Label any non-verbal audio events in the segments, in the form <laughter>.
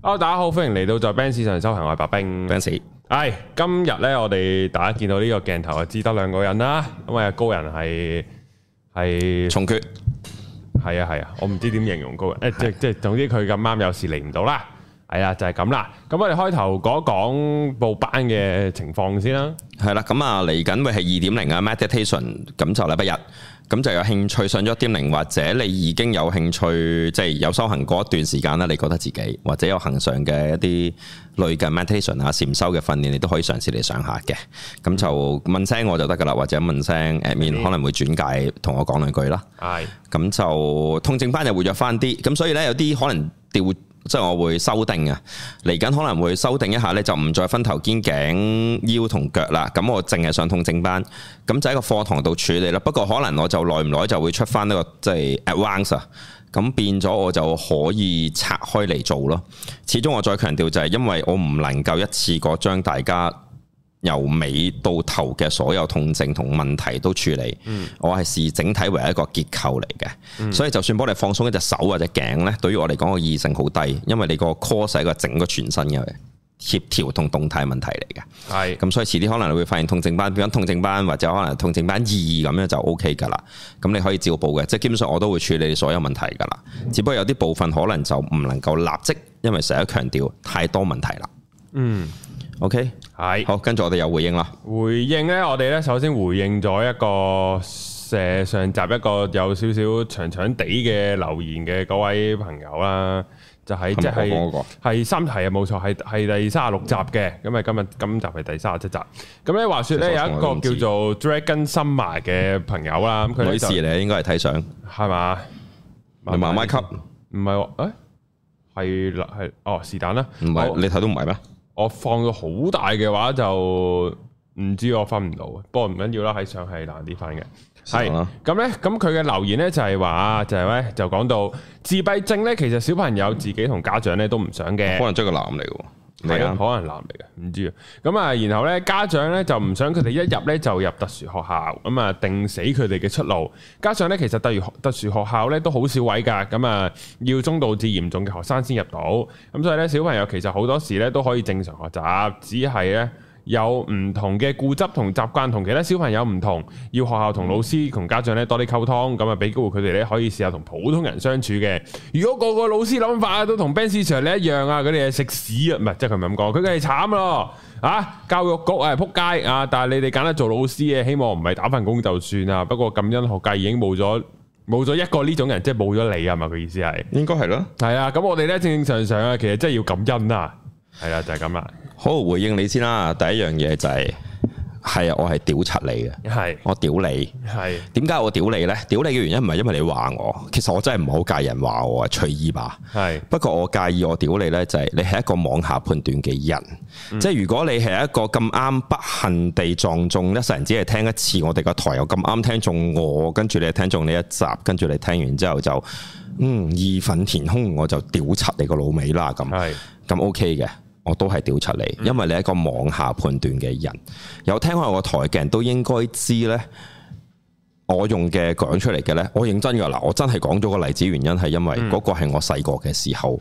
好，oh, 大家好，歡迎嚟到在 Benz 上修行，我係白兵 Benz，死、哎、今日呢，我哋大家見到呢個鏡頭係只得兩個人啦，因為高人係係重缺決，係啊係啊，我唔知點形容高人，誒、 <laughs> 哎，即即係總之佢咁啱有事嚟唔到啦。係啦，就係咁啦。咁我哋開頭講一講報班嘅情況先啦。係啦，咁啊嚟緊會係二點零啊 meditation 咁就禮拜日，咁就有興趣上咗一點零，或者你已經有興趣，即、就、係、是、有修行嗰一段時間咧，你覺得自己或者有恒常嘅一啲類嘅 meditation 啊禪修嘅訓練，你都可以嘗試嚟上下嘅。咁就問聲我就得噶啦，或者問聲誒、嗯、可能會轉介同我講兩句啦。係、嗯，咁就痛症班就活躍翻啲，咁所以呢，有啲可能調。即係我會修訂啊！嚟緊可能會修訂一下咧，你就唔再分頭肩頸腰同腳啦。咁我淨係上痛症班，咁就喺個課堂度處理啦。不過可能我就耐唔耐就會出翻呢個即係 advance 啊，咁變咗我就可以拆開嚟做咯。始終我再強調就係，因為我唔能夠一次過將大家，由尾到頭嘅所有痛症同問題都處理，嗯、我係視整體為一個結構嚟嘅。嗯、所以就算幫你放鬆一隻手或者頸咧，對於我嚟講個意義性好低，因為你課個 course 係整個全身嘅協調同動態問題嚟嘅，係咁是，所以遲啲可能你會發現痛症班變咗痛症班或者可能痛症班意義咁樣就 O K 㗎啦，咁你可以照報嘅，即係基本上我都會處理所有問題㗎啦，只不過有啲部分可能就唔能夠立即，因為成日強調太多問題啦，嗯。OK，係是好，跟住我哋又回應啦。回應咧，我哋咧首先回應咗一個射上集一個有少少長長地嘅留言嘅各位朋友啦，就係即係係三題啊，冇錯，係係第三十六集嘅，咁啊今日今集係第三十七集。咁咧，話說咧有一個叫做 Dragon Summer 嘅朋友啦，咁佢女士咧應該係睇相係咪？萬麥級唔係，誒係啦，係、啊哎、哦是但啦，唔係你睇到唔係咩？我放到好大嘅話就唔知我瞓唔到，不過唔緊要啦，喺上係難啲瞓嘅，係咁呢？咁佢嘅留言呢，就係話，就係呢就講到自閉症呢，其實小朋友自己同家長呢都唔想嘅，可能真係男嚟嘅。係啊，可能男嚟嘅，唔知啊。咁啊，然後咧，家長咧就唔想佢哋一入咧就入特殊學校，咁啊定死佢哋嘅出路。加上咧，其實特殊特殊學校咧都好少位噶咁啊要中度至嚴重嘅學生先入到。咁所以咧，小朋友其實好多時咧都可以正常學習，只係咧。有唔同嘅固執同習慣，同其他小朋友唔同，要學校同老師同家長咧多啲溝通，咁啊俾機會佢哋咧可以試下同普通人相處嘅。如果個個老師諗法都同 Ben Sir 一樣啊，佢哋食屎啊，唔係即係佢唔係咁講，佢梗係慘咯啊！教育局啊，撲街啊！但係你哋揀得做老師嘅，希望唔係打份工就算啦。不過感恩學界已經冇咗冇咗一個呢種人，即係冇咗你啊嘛，佢意思係應該係咯，係啊。咁我哋咧正正常常啊，其實真係要感恩啊，係啦，啊，就係咁啦。好回應你先啦，第一樣嘢就係係啊，我係屌柒你嘅，係是我屌你，係點解我屌你呢？屌你嘅原因唔係因為你話我，其實我真係唔好介人話我啊，隨意吧。係是不過我介意我屌你呢，就係、是、你係一個妄下判斷嘅人，嗯、即係如果你係一個咁啱不幸地撞中一世人只係聽一次我哋個台，又咁啱聽中我，跟住你聽中呢一集，跟住你聽完之後就嗯義憤填胸，我就屌柒你個老味啦咁，係咁是 OK 嘅。我都係調查你，因為你係一個妄下判斷嘅人，有聽我個台嘅人都應該知呢，我用嘅講出嚟嘅呢，我認真噶啦，我真係講咗個例子，原因係因為嗰個係我細個嘅時候，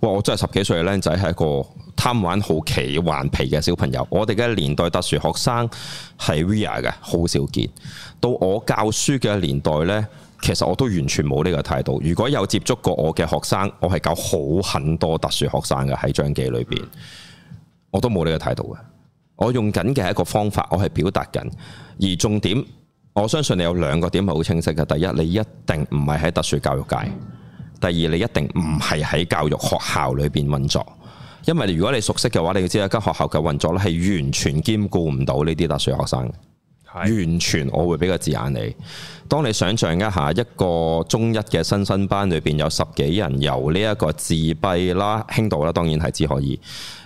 哇！我真係十幾歲嘅靚仔，係一個貪玩好奇頑皮嘅小朋友。我哋嘅年代特殊，學生係 VIA 嘅，好少見。到我教書嘅年代呢。其實我都完全冇呢個態度。如果有接觸過我嘅學生，我係教好很多特殊學生嘅。喺張記裏邊，我都冇呢個態度嘅。我用緊嘅係一個方法，我係表達緊。而重點，我相信你有兩個點係好清晰嘅：第一，你一定唔係喺特殊教育界；第二，你一定唔係喺教育學校裏邊運作。因為如果你熟悉嘅話，你要知道一間學校嘅運作咧，係完全兼顧唔到呢啲特殊學生。完全，我會俾個字眼你。當你想象一下，一個中一嘅新生班裏邊有十幾人，由呢一個自閉啦、輕度啦，當然係只可以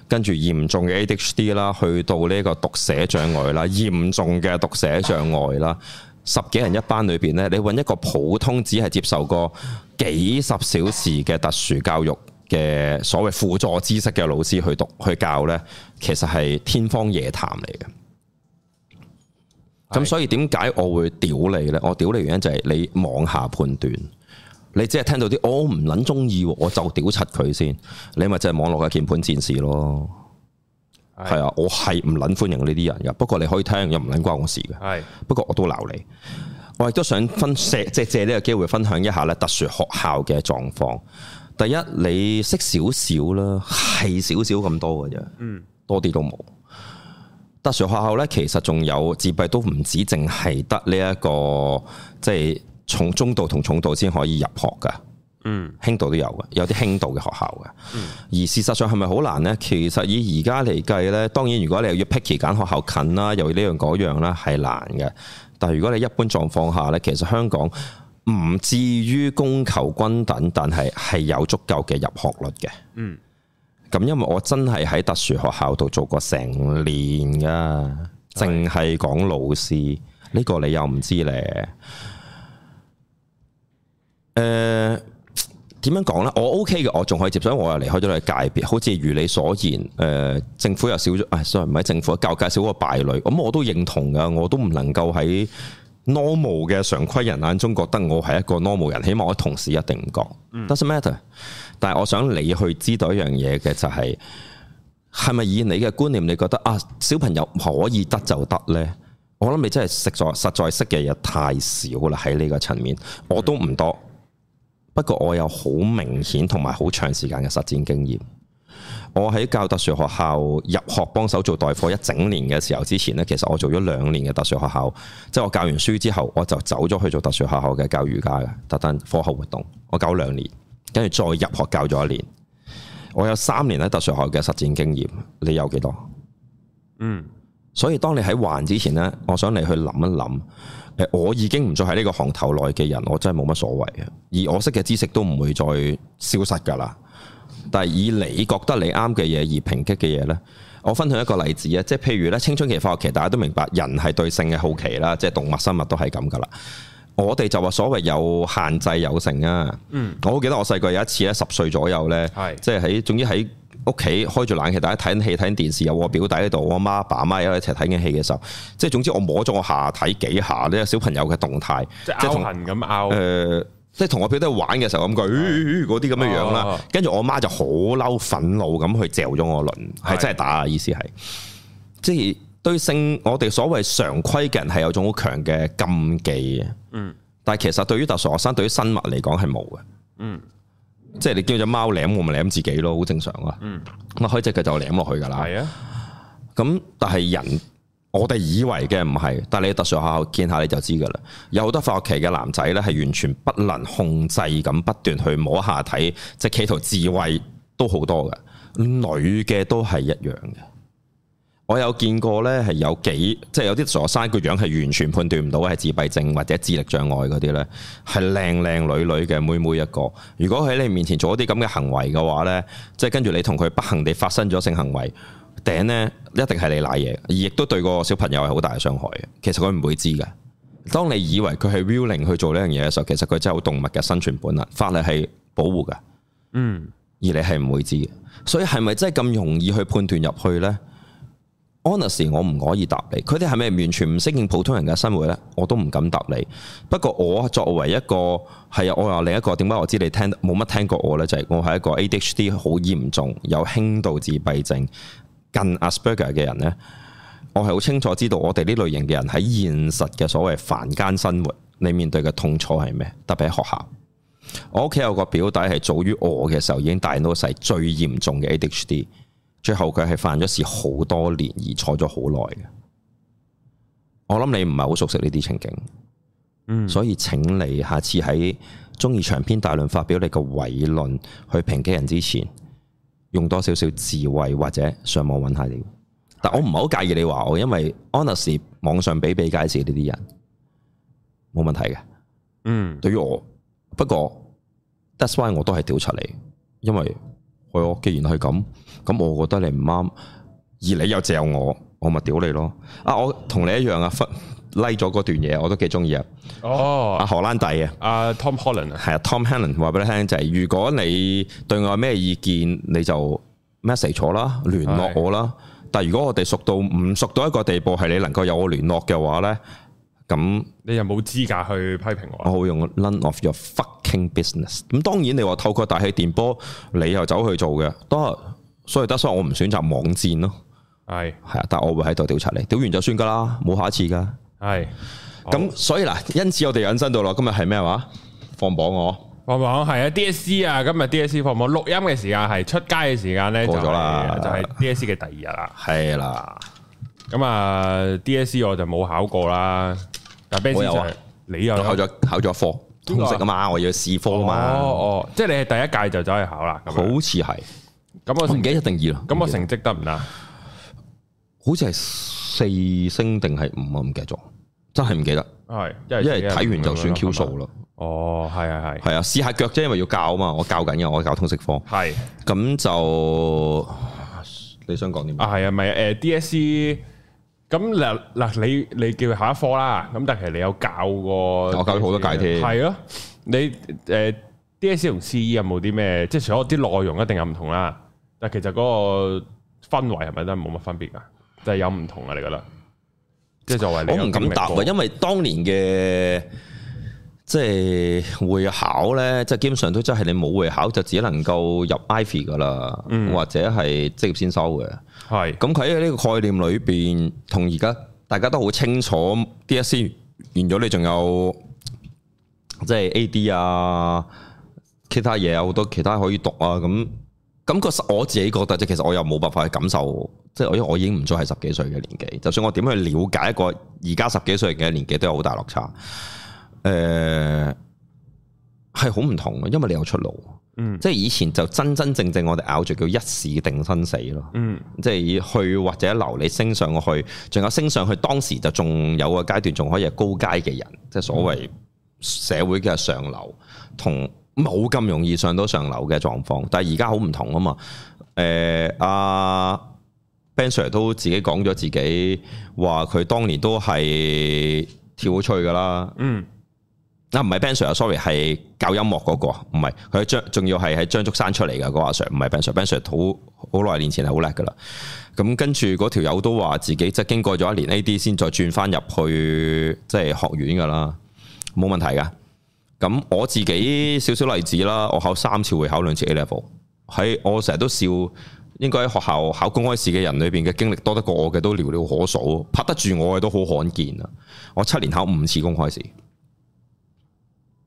跟住嚴重嘅 ADHD 啦，去到呢個讀寫障礙啦、嚴重嘅讀寫障礙啦，十幾人一班裏邊呢,你揾一個普通只係接受過幾十小時嘅特殊教育嘅所謂輔助知識嘅老師去讀去教呢，其實係天方夜譚嚟嘅。咁所以點解我會屌你呢？我屌你原因就係你妄下判斷，你只係聽到啲我唔捻中意，我就屌柒佢先。你咪即係網絡嘅鍵盤戰士咯。係啊的的，我係唔捻歡迎呢啲人嘅。不過你可以聽，又唔捻關我事嘅。係的，不過我都鬧你。我亦都想分借借呢個機會分享一下咧特殊學校嘅狀況。第一，你識少少啦，係少少咁多嘅啫。多啲都冇。特殊學校咧，其實仲有自閉都唔止淨係得呢一個，即係重中度同重度先可以入學噶，嗯，輕度都有嘅，有啲輕度嘅學校嘅，嗯，而事實上係咪好難呢？其實以而家嚟計呢，當然如果你又要 picky 揀學校近啦，又要呢樣嗰樣啦，係難嘅。但係如果你一般狀況下呢，其實香港唔至於供求均等，但係係有足夠嘅入學率嘅，嗯。咁因為我真係喺特殊學校度做過成年噶，淨係對講老師呢、呢個你又唔知咧。誒、呃、點樣講呢？我 OK 嘅，我仲可以接受。我又離開咗佢界別，好似如你所言，誒、呃、政府又少咗。誒、哎、sorry，唔係政府教界少個敗類，咁、嗯、我都認同噶，我都唔能夠喺。normal 嘅常規人眼中覺得我係一個 normal 人，希望我同事一定唔覺。Doesn't matter、嗯。但係我想你去知道一樣嘢嘅就係、是，係咪以你嘅觀念，你覺得啊小朋友可以得就得呢？我諗你真係實在實在識嘅嘢太少啦。喺呢個層面，我都唔多。不過我有好明顯同埋好長時間嘅實戰經驗。我喺教特殊學校入學幫手做代課一整年嘅時候之前呢，其實我做咗兩年嘅特殊學校，即係我教完書之後，我就走咗去做特殊學校嘅教瑜伽嘅特登課後活動，我教兩年，跟住再入學教咗一年，我有三年喺特殊學校嘅實踐經驗，你有幾多？嗯，所以當你喺還之前呢，我想你去諗一諗，我已經唔再喺呢個行頭內嘅人，我真係冇乜所謂嘅，而我識嘅知識都唔會再消失噶啦。但係以你覺得你啱嘅嘢而評擊嘅嘢呢，我分享一個例子啊，即係譬如咧青春期、發育期，大家都明白，人係對性嘅好奇啦，即係動物生物都係咁噶啦。我哋就話所謂有限制有性啊。嗯、我好記得我細個有一次咧，十歲左右呢，嗯、即係喺總之喺屋企開住冷氣，大家睇緊戲睇緊電視，有我表弟喺度，我媽，媽爸媽喺一齊睇緊戲嘅時候，即係總之我摸咗我下睇幾下呢個小朋友嘅動態，嗯、即係勾痕咁勾。即係同我表弟玩嘅時候咁佢嗰啲咁嘅樣啦，跟住我媽就好嬲憤怒咁去嚼咗我輪，係真係打啊！意思係，即係對性我哋所謂常規嘅人係有種好強嘅禁忌嘅，嗯，但係其實對於特殊學生，對於生物嚟講係冇嘅，嗯，即係你叫隻貓舐，我咪舐自己咯，好正常啊，嗯，咁啊開隻腳就舐落去噶啦，係啊，咁但係人。我哋以為嘅唔係，但係你喺特殊學校見下你就知噶啦。有好多發學期嘅男仔呢，係完全不能控制咁不斷去摸下體，即係企圖自慰都好多嘅。女嘅都係一樣嘅。我有見過呢，係有幾即係有啲傻山，個樣係完全判斷唔到係自閉症或者智力障礙嗰啲呢，係靚靚女女嘅妹妹一個。如果喺你面前做一啲咁嘅行為嘅話呢，即係跟住你同佢不幸地發生咗性行為。頂咧，一定係你瀨嘢，而亦都對個小朋友係好大嘅傷害。其實佢唔會知嘅。當你以為佢係 willing 去做呢樣嘢嘅時候，其實佢真係有動物嘅生存本能。法律係保護嘅，嗯，而你係唔會知嘅。所以係咪真係咁容易去判斷入去呢？Honest、嗯、我唔可以答你。佢哋係咪完全唔適應普通人嘅生活呢？我都唔敢答你。不過我作為一個係我又另一個，點解我知你聽冇乜聽過我呢，就係、是、我係一個 ADHD 好嚴重，有輕度自閉症。近 Asperger 嘅人呢，我係好清楚知道我哋呢類型嘅人喺現實嘅所謂凡間生活，你面對嘅痛楚係咩？特別喺學校，我屋企有個表弟係早於我嘅時候已經大好多，最嚴重嘅 ADHD，最後佢係犯咗事好多年而坐咗好耐嘅。我諗你唔係好熟悉呢啲情景，嗯，所以請你下次喺中意長篇大論發表你個偉論去評擊人之前，用多少少智慧或者上網揾下你，但我唔係好介意你話我，因為 honestly 網上比比皆是呢啲人，冇問題嘅。嗯，對於我，不過 that's why 我都係屌查你，因為係我、哎、既然係咁，咁我覺得你唔啱，而你又嚼我，我咪屌你咯。啊，我同你一樣啊，分。 <laughs> 拉咗嗰段嘢，我都幾中意啊！哦，阿荷蘭弟啊，阿、uh, Tom Holland 係啊，Tom Holland 話俾你聽就係：如果你對我咩意見，你就 message 咗啦，聯絡我啦。但係如果我哋熟到唔熟到一個地步，係你能夠有我聯絡嘅話咧，咁你又冇資格去批評我。我會用 none of your fucking business。咁當然你話透過大氣電波，你又走去做嘅，都係。所以得所以我唔選擇網戰咯。係係啊，但係我會喺度調查你，調完就算㗎啦，冇下一次㗎。係，咁所以啦，因此我哋引申到咯，今日係咩話？放榜我，放榜係啊，D S C 啊，今日 D S C 放榜，錄音嘅時間係出街嘅時間咧，過咗啦，就係 D S C 嘅第二日啦，係啦。咁啊，D S C 我就冇考過啦，但係我有，你又考咗考咗科，通識啊嘛，我要試科啊嘛，哦哦，即係你係第一屆就走去考啦，好似係，咁我唔記得定義啦，咁我成績得唔得？好似係。四星定係五啊？唔記得，真係唔記得。係是，因為睇完，就算 Q 數咯。哦，係啊，係的，係啊，試下腳啫，因為要教啊嘛，我教緊嘅，我，教，我教通識科。係的，咁就你想講啲咩啊？係啊，咪誒 DSE，咁嗱嗱，你你叫佢下一科啦。咁但係其實你有教過，我教咗好多屆添。係啊，你誒、呃、DSE 同 CE 有冇啲咩？即係除咗啲內容一定又唔同啦，但其實嗰個氛圍係咪真係冇乜分別噶？即係有唔同啊！你覺得即係作為我唔敢答啊，因為當年嘅即係會考咧，即係基本上都即係你冇會考就只能夠入 Ivy 噶啦，嗯、或者係職業先修嘅。係咁佢喺呢個概念裏邊，同而家大家都好清楚，D S E 完咗你仲有即係、就是、A D 啊，其他嘢有好多其他可以讀啊咁。咁個，我自己覺得就其實我又冇辦法去感受，即係我因為我已經唔再係十幾歲嘅年紀，就算我點去了解一個而家十幾歲嘅年紀，都有好大落差。誒、呃，係好唔同，因為你有出路。嗯、即係以前就真真正正我哋咬住叫一死定生死咯。嗯，即係去或者留你升上去，仲有升上去，當時就仲有個階段仲可以係高階嘅人，即係所謂社會嘅上流同。冇咁容易上到上流嘅狀況，但係而家好唔同啊嘛。誒、呃，阿、啊、Ben Sir 都自己講咗自己話，佢當年都係跳出去噶啦。嗯，嗱唔係 Ben Sir 啊 Ben Sir，sorry，係教音樂嗰、那個，唔係佢張仲要係喺張竹山出嚟噶。嗰阿 Sir 唔係 Ben Sir Ben Sir 好好耐年前係好叻噶啦。咁跟住嗰條友都話自己即係經過咗一年 AD 先再轉翻入去即係學院噶啦，冇問題噶。咁我自己少少例子啦，我考三次會考兩次 A level，喺，我成日都笑，應該喺學校考公開試嘅人裏邊嘅經歷多得過我嘅，都寥寥可數，拍得住我嘅都好罕見啊！我七年考五次公開試，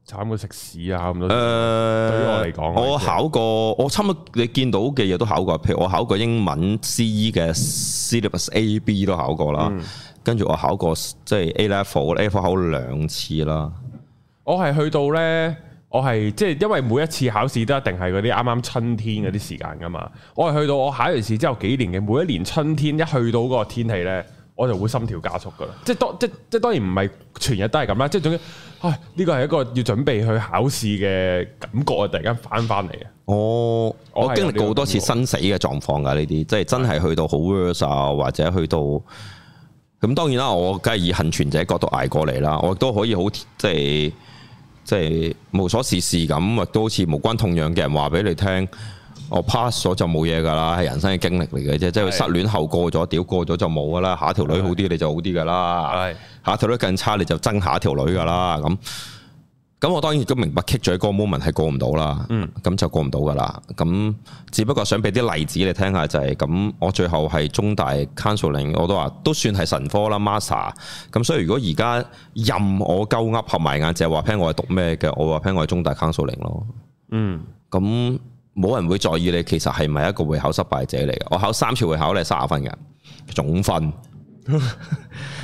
慘到食屎啊！咁樣，呃、對於我嚟講，我考過，我差唔多你見到嘅嘢都考過，譬如我考過英文 C E 嘅 C e A B 都考過啦，跟住我考過即係 A level，A、嗯、level 考兩次啦。我係去到呢，我係即係因為每一次考試都一定係嗰啲啱啱春天嗰啲時間噶嘛，我係去到我考完試之後幾年嘅每一年春天一去到個天氣呢，我就會心跳加速噶啦，即係當即即當然唔係全日都係咁啦，即係總之，啊呢個係一個要準備去考試嘅感覺啊，突然間翻翻嚟！啊！我我，我經歷過好多次生死嘅狀況噶呢啲，即係真係去到好 worst 啊，或者去到咁當然啦，我梗係以幸存者角度捱過嚟啦，我都可以好即係。即係無所事事咁，或都好似無關痛癢嘅人話俾你聽，我 pass 咗就冇嘢噶啦，係人生嘅經歷嚟嘅啫，是的 即係失戀後過咗，屌過咗就冇噶啦，下條女好啲你就好啲噶啦，是的 下條女更差你就憎下條女噶啦咁。咁我當然都明白，kick 咗一個 moment 係過唔到啦。嗯，咁就過唔到噶啦。咁只不過想俾啲例子你聽下就係、是、咁。我最後係中大 counseling，我都話都算係神科啦，master。咁所以如果而家任我鳩噏合埋眼，淨係話聽我係讀咩嘅？我話聽我係中大 counseling 咯。嗯，咁冇人會在意你，其實係唔係一個會考失敗者嚟嘅？我考三次會考你，你係三十分嘅總分，是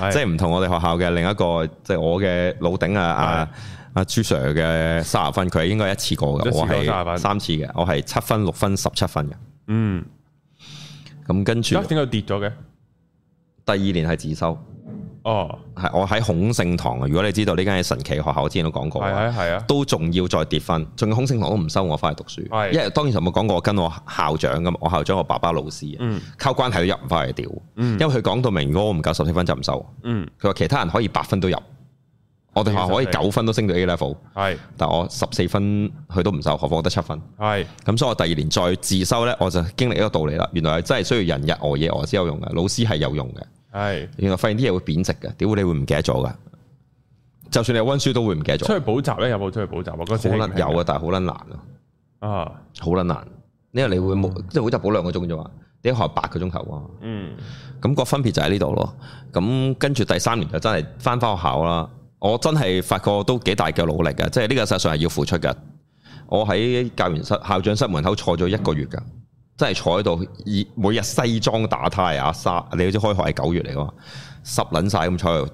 的 <laughs> 即係唔同我哋學校嘅另一個，即、就、係、是、我嘅老頂啊啊！阿朱 Sir 嘅卅分，佢係應該一次過嘅，我係三次嘅，我係七分、六分、十七分嘅。嗯，咁跟住點解跌咗嘅？第二年係自修哦，係我喺孔聖堂啊！如果你知道呢間係神奇學校，我之前都講過係啊，嗯、都仲要再跌分，仲孔聖堂都唔收我翻去讀書。的因為當然同冇講過，跟我校長㗎嘛，我校長我爸爸老師啊，嗯、靠關係都入唔翻去屌。嗯、因為佢講到明，如果我唔夠十七分就唔收。嗯，佢話其他人可以八分都入。我哋學校可以九分都升到 A level，係的，但我十四分佢都唔受，何況我得七分，係的，咁所以我第二年再自修咧，我就經歷一個道理啦，原來係真係需要人日熬夜熬先有用嘅，老師係有用嘅，係的，原來發現啲嘢會貶值嘅，屌你會唔記得咗噶，就算你溫書都會唔記得咗。出去補習咧，有冇出去補習？我覺得好撚難有啊，但係好撚難咯，啊，好撚難，因為你會冇即係好難補兩個鐘啫嘛，你一學八個鐘頭啊，嗯，咁個分別就喺呢度咯，咁跟住第三年就真係翻翻學校啦。我真係發覺都幾大嘅努力嘅，即係呢個事實上係要付出嘅。我喺教員室、校長室門口坐咗一個月㗎，真係坐喺度，每日西裝打呔啊，沙你好似開學係九月嚟㗎嘛，濕撚晒咁坐喺度。誒、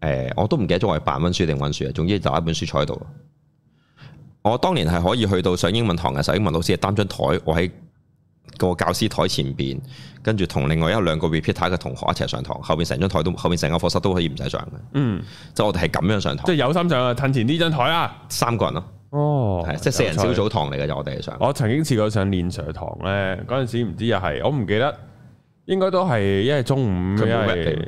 呃，我都唔記得咗我係辦温書定温書啊，總之就一本書坐喺度。我當年係可以去到上英文堂嘅時候，英文老師係擔張台，我喺。個教師台前邊，跟住同另外一兩個 repeater 嘅同學一齊上堂，後邊成張台都後面成個課室都可以唔使上嘅。嗯，就我哋係咁樣上堂，即係有心上啊！褪前呢張台啊，三個人咯，啊。哦，是彩即係四人小組堂嚟嘅，就我哋上。我曾經試過上練上堂咧，嗰陣時唔知又係我唔記得，應該都係一係中午一係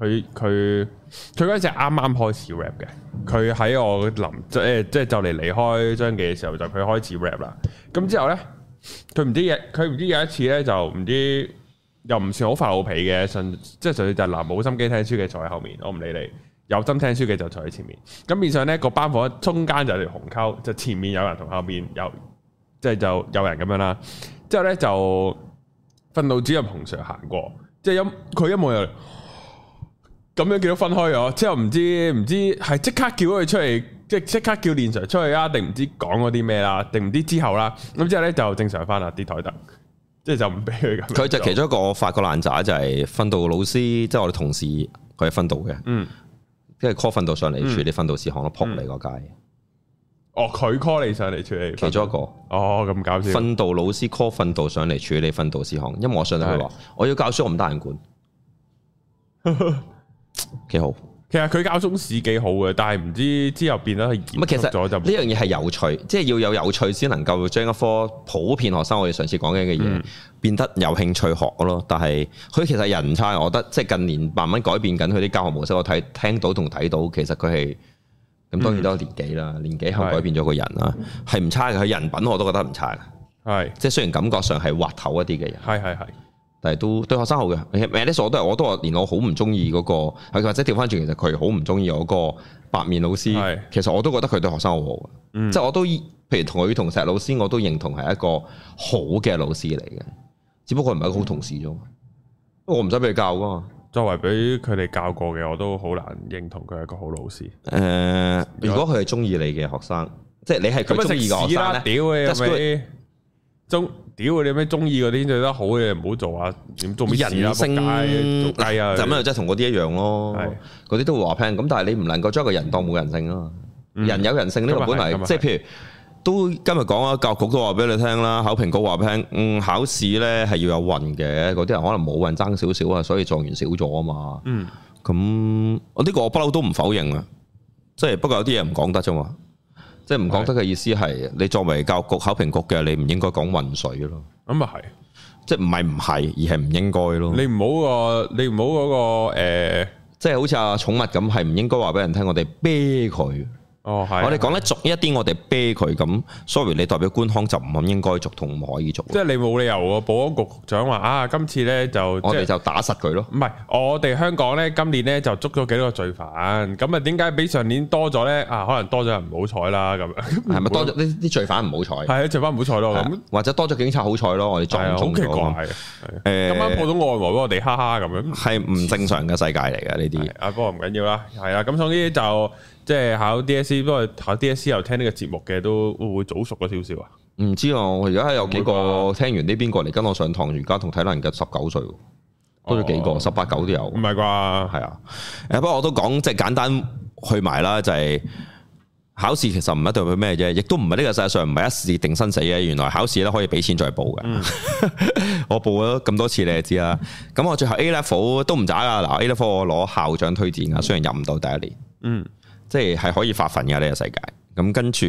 佢佢佢嗰陣時啱啱開始 rap 嘅，佢喺我臨即係即係就嚟，是，離開張記嘅時候就佢開始 rap 啦。咁之後咧。佢唔知嘢，佢唔知有一次咧，就唔知又唔算好發脾嘅，純即係純粹就拿冇心機聽書嘅坐喺後面，我唔理你有心聽書嘅就坐喺前面。咁變相咧個班房間中間就條鴻溝，就前面有人同後面有，即係就有人咁樣啦。之後咧就訓導主任洪 Sir 行過，即係有，佢一望又咁樣幾多分開咗，之後唔知唔知係即刻叫佢出嚟。即即刻叫練 Sir 出去啊？定唔知講嗰啲咩啦？定唔知之後啦？咁之後咧就正常翻啦，啲台凳，即係就唔俾佢咁。佢就其中一個發個爛渣，就係訓導老師，即係我哋同事，佢係分導嘅。嗯，即係 call 訓導上嚟處理訓導事項，都撲你個街。哦、嗯，佢 call 你上嚟處理，其中一個。哦，咁搞笑！訓導老師 call 訓導上嚟處理訓導事項，因為我上嚟去話，的我要教書，我唔得閒管。幾 <laughs> 好。其實佢教中史幾好嘅，但係唔知之後變咗係唔？唔，其實呢樣嘢係有趣，即係要有有趣先能夠將一科普遍學生我哋上次講緊嘅嘢變得有興趣學咯。但係佢其實人唔差，我覺得即係近年慢慢改變緊佢啲教學模式。我睇聽到同睇到，其實佢係咁，當然都係年紀啦，嗯、年紀後改變咗個人啦，係唔差嘅。佢人品我都覺得唔差嘅，係即係雖然感覺上係滑頭一啲嘅人。係係係。但係都對學生好嘅，其實 m a 數我都係，我都話連我好唔中意嗰個，或者調翻轉其實佢好唔中意我個白面老師。是其實我都覺得佢對學生好好嘅，嗯、即係我都譬如同佢同石老師，我都認同係一個好嘅老師嚟嘅，只不過唔係一個好同事啫嘛。我唔使俾佢教啊嘛。作為俾佢哋教過嘅，我都好難認同佢係一個好老師。誒、呃，如果佢係中意你嘅學生，即係你係佢中意嘅學生屌中。屌你咩中意嗰啲做得好嘅唔好做啊？點做咩事啊？仆街性，蛋係啊，咁又真係同嗰啲一樣咯。嗰啲是都話偏。咁但係你唔能夠將個人當冇人性啊、嗯、人有人性呢個本嚟，嗯嗯、即係譬如都今日講啊，教育局都話俾你聽啦，考評局話偏。嗯，考試咧係要有運嘅。嗰啲人可能冇運爭少少啊，所以狀元少咗啊嘛。嗯，咁我呢個我不嬲都唔否認啊。即係不過有啲嘢唔講得啫嘛。即係唔講得嘅意思係，你作為教育局考評局嘅，你唔應該講混水咯。咁啊係，即係唔係唔係，而係唔應該咯。你唔好、嗰個，你、呃、唔好嗰個誒，即係好似阿寵物咁，係唔應該話俾人聽我哋啤佢。哦，係我哋講得俗一啲我哋啤佢咁。Sorry，你代表官腔就唔咁應該俗，同唔可以俗。即係你冇理由啊！保安局長話啊，今次咧就我哋就打實佢咯。唔係我哋香港咧，今年咧就捉咗幾多個罪犯。咁啊，點解比上年多咗咧？啊，可能多咗人唔好彩啦。咁係咪多咗啲啲罪犯唔好彩？係啊，罪犯唔好彩咯。咁或者多咗警察好彩咯。我哋仲好奇怪。誒，咁樣普通外圍畀我哋哈哈咁樣，係唔正常嘅世界嚟噶呢啲。不過唔緊要啦，係啊。咁所以就。即係考 DSE，不過考 DSE 又聽呢個節目嘅，都會唔會早熟咗少少啊？唔知啊，我而家有幾個聽完呢邊過嚟跟我上堂，瑜伽同體能嘅十九歲，都咗、哦、幾個，十八九都有。唔係啩？係啊，誒、就是，不過我都講即係簡單去埋啦，就係考試其實唔一定咩啫，亦都唔係呢個世界上唔係一試定生死嘅。原來考試咧可以俾錢再報嘅，嗯、 <laughs> 我報咗咁多次你就，你知啦。咁我最後 A level 都唔渣啊。嗱 A level 我攞校長推薦啊，雖然入唔到第一年，嗯。即係係可以發奮嘅呢個世界。咁跟住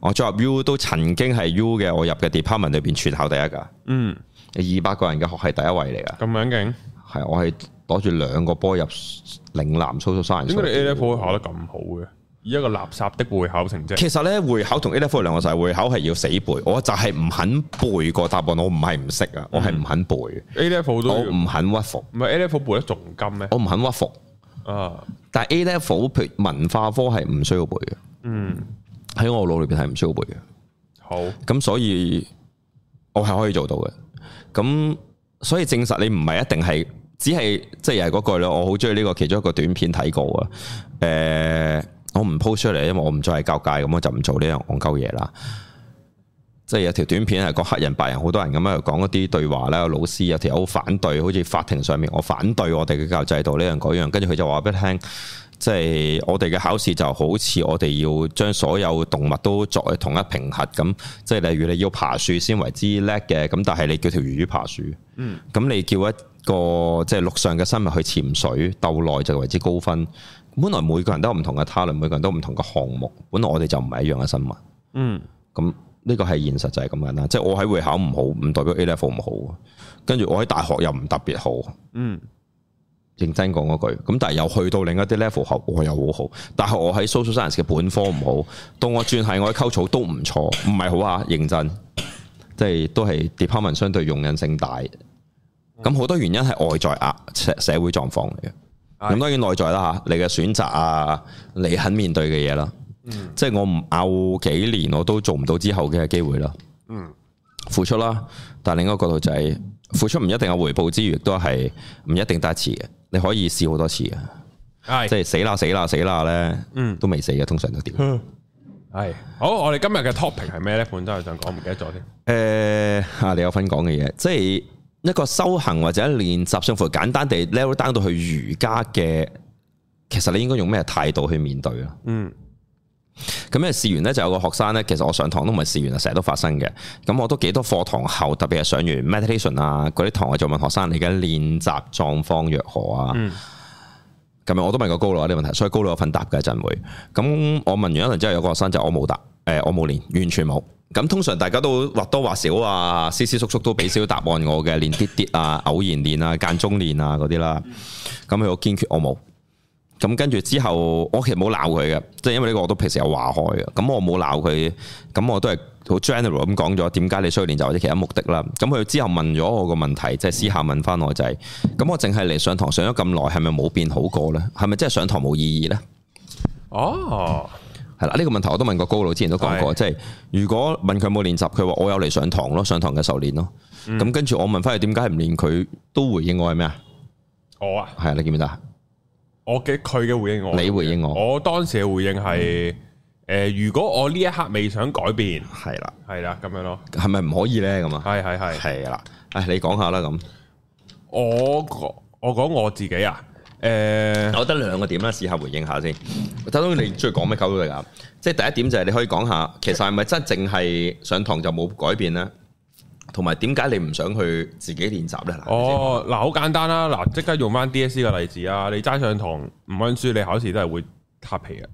我再入 U 都曾經係 U 嘅，我入嘅 department 裏邊全校第一噶。嗯，二百個人嘅學系第一位嚟噶。咁樣勁？係我係攞住兩個波入嶺南蘇蘇三人。點解你 A level 會考得咁好嘅？以一個垃圾的會考成績。其實咧會考同 A level 兩個就會考係要死背，我就係唔肯背個答案，我唔係唔識啊，我係唔肯背。A level 都我唔肯屈服。唔係 A level 背得仲甘咩？我唔肯屈服。啊！但 A level，譬如文化科係唔需要背嘅。嗯，喺我腦裏邊係唔需要背嘅。好，咁所以我係可以做到嘅。咁所以證實你唔係一定係，只係即係又係嗰句咧。我好中意呢個其中一個短片睇過嘅。誒、呃，我唔 post 出嚟，因為我唔再係教界，咁我就唔做呢樣戇鳩嘢啦。即係有條短片係講黑人白人好多人咁啊，講一啲對話啦。老師有條友好反對，好似法庭上面，我反對我哋嘅教育制度呢樣嗰樣。跟住佢就話俾你聽，即係我哋嘅考試就好似我哋要將所有動物都作為同一評核咁。即係例如你要爬樹先為之叻嘅，咁但係你叫條魚爬樹，嗯，咁你叫一個即係陸上嘅生物去潛水鬥耐就為之高分。本來每個人都有唔同嘅，才能每個人都唔同嘅項目。本來我哋就唔係一樣嘅生物，嗯，咁。呢個係現實，就係咁簡單。即係我喺會考唔好，唔代表 A level 唔好。跟住我喺大學又唔特別好。嗯，認真講句，咁但係又去到另一啲 level 後，我又好好。大學我喺 social science 嘅本科唔好，到我轉系我喺溝草都唔錯，唔係好啊。認真，即係都係 department 相對容忍性大。咁好多原因係外在啊，社社會狀況嚟嘅，咁、嗯、當然內在啦吓，你嘅選擇啊，你肯面對嘅嘢啦。即係我唔拗幾年，我都做唔到之後嘅機會啦。嗯，付出啦，但另一個角度就係付出唔一定有回報之，之餘亦都係唔一定得一次嘅。你可以試好多次嘅，係即係死啦死啦死啦咧，嗯，都未死嘅，通常都點？係、嗯、好，我哋今日嘅 topic 係咩咧？本身我想講，唔記得咗添。誒、呃，你有份講嘅嘢，即係一個修行或者練習，甚至簡單地 level down 到去瑜伽嘅，其實你應該用咩態度去面對啊？嗯。咁誒，試完咧就有個學生咧，其實我上堂都唔係試完啊，成日都發生嘅。咁我都幾多課堂後，特別係上完 meditation 啊嗰啲堂，我就問學生你嘅練習狀況如何啊？咁日、嗯、我都問過高佬啲問題，所以高佬有份答嘅陣會。咁我問完一輪之後，有個學生就我冇答，誒、呃、我冇練，完全冇。咁通常大家都或多或少啊，師師叔叔都俾少答案我嘅，練啲啲啊，偶然練啊，間中練啊嗰啲啦。咁佢好堅決我冇。咁跟住之後我，我其實冇鬧佢嘅，即係因為呢個我都平時有話開嘅。咁我冇鬧佢，咁我都係好 general 咁講咗點解你需要練習或者其他目的啦。咁佢之後問咗我個問題，即係私下問翻我就係，咁我淨係嚟上堂上咗咁耐，係咪冇變好過咧？係咪真係上堂冇意義咧？哦，係啦，嗯，呢個問題我都問過高佬，之前都講過，即係如果問佢冇練習，佢話我有嚟上堂咯，上堂嘅時候練咯。咁跟住我問翻佢點解唔練，佢都回應我係咩啊？我啊，係啊，你見唔見得？我嘅佢嘅回應我回應，你回應我。我當時嘅回應係，誒、呃，如果我呢一刻未想改變，係啦、嗯，係啦，咁樣咯。係咪唔可以咧？咁啊，係係係，係啦。誒、哎，你講下啦咁。我我講我自己啊，誒、呃，我得兩個點啦，試下回應下先。頭先你中意講咩溝通啊？即係第一點就係你可以講下，其實係咪真係淨係上堂就冇改變咧？同埋點解你唔想去自己練習咧？哦，嗱，好簡單啦，嗱，即刻用翻 D S C 嘅例子啊！你齋上堂唔溫書，你考試都係會塌皮啊！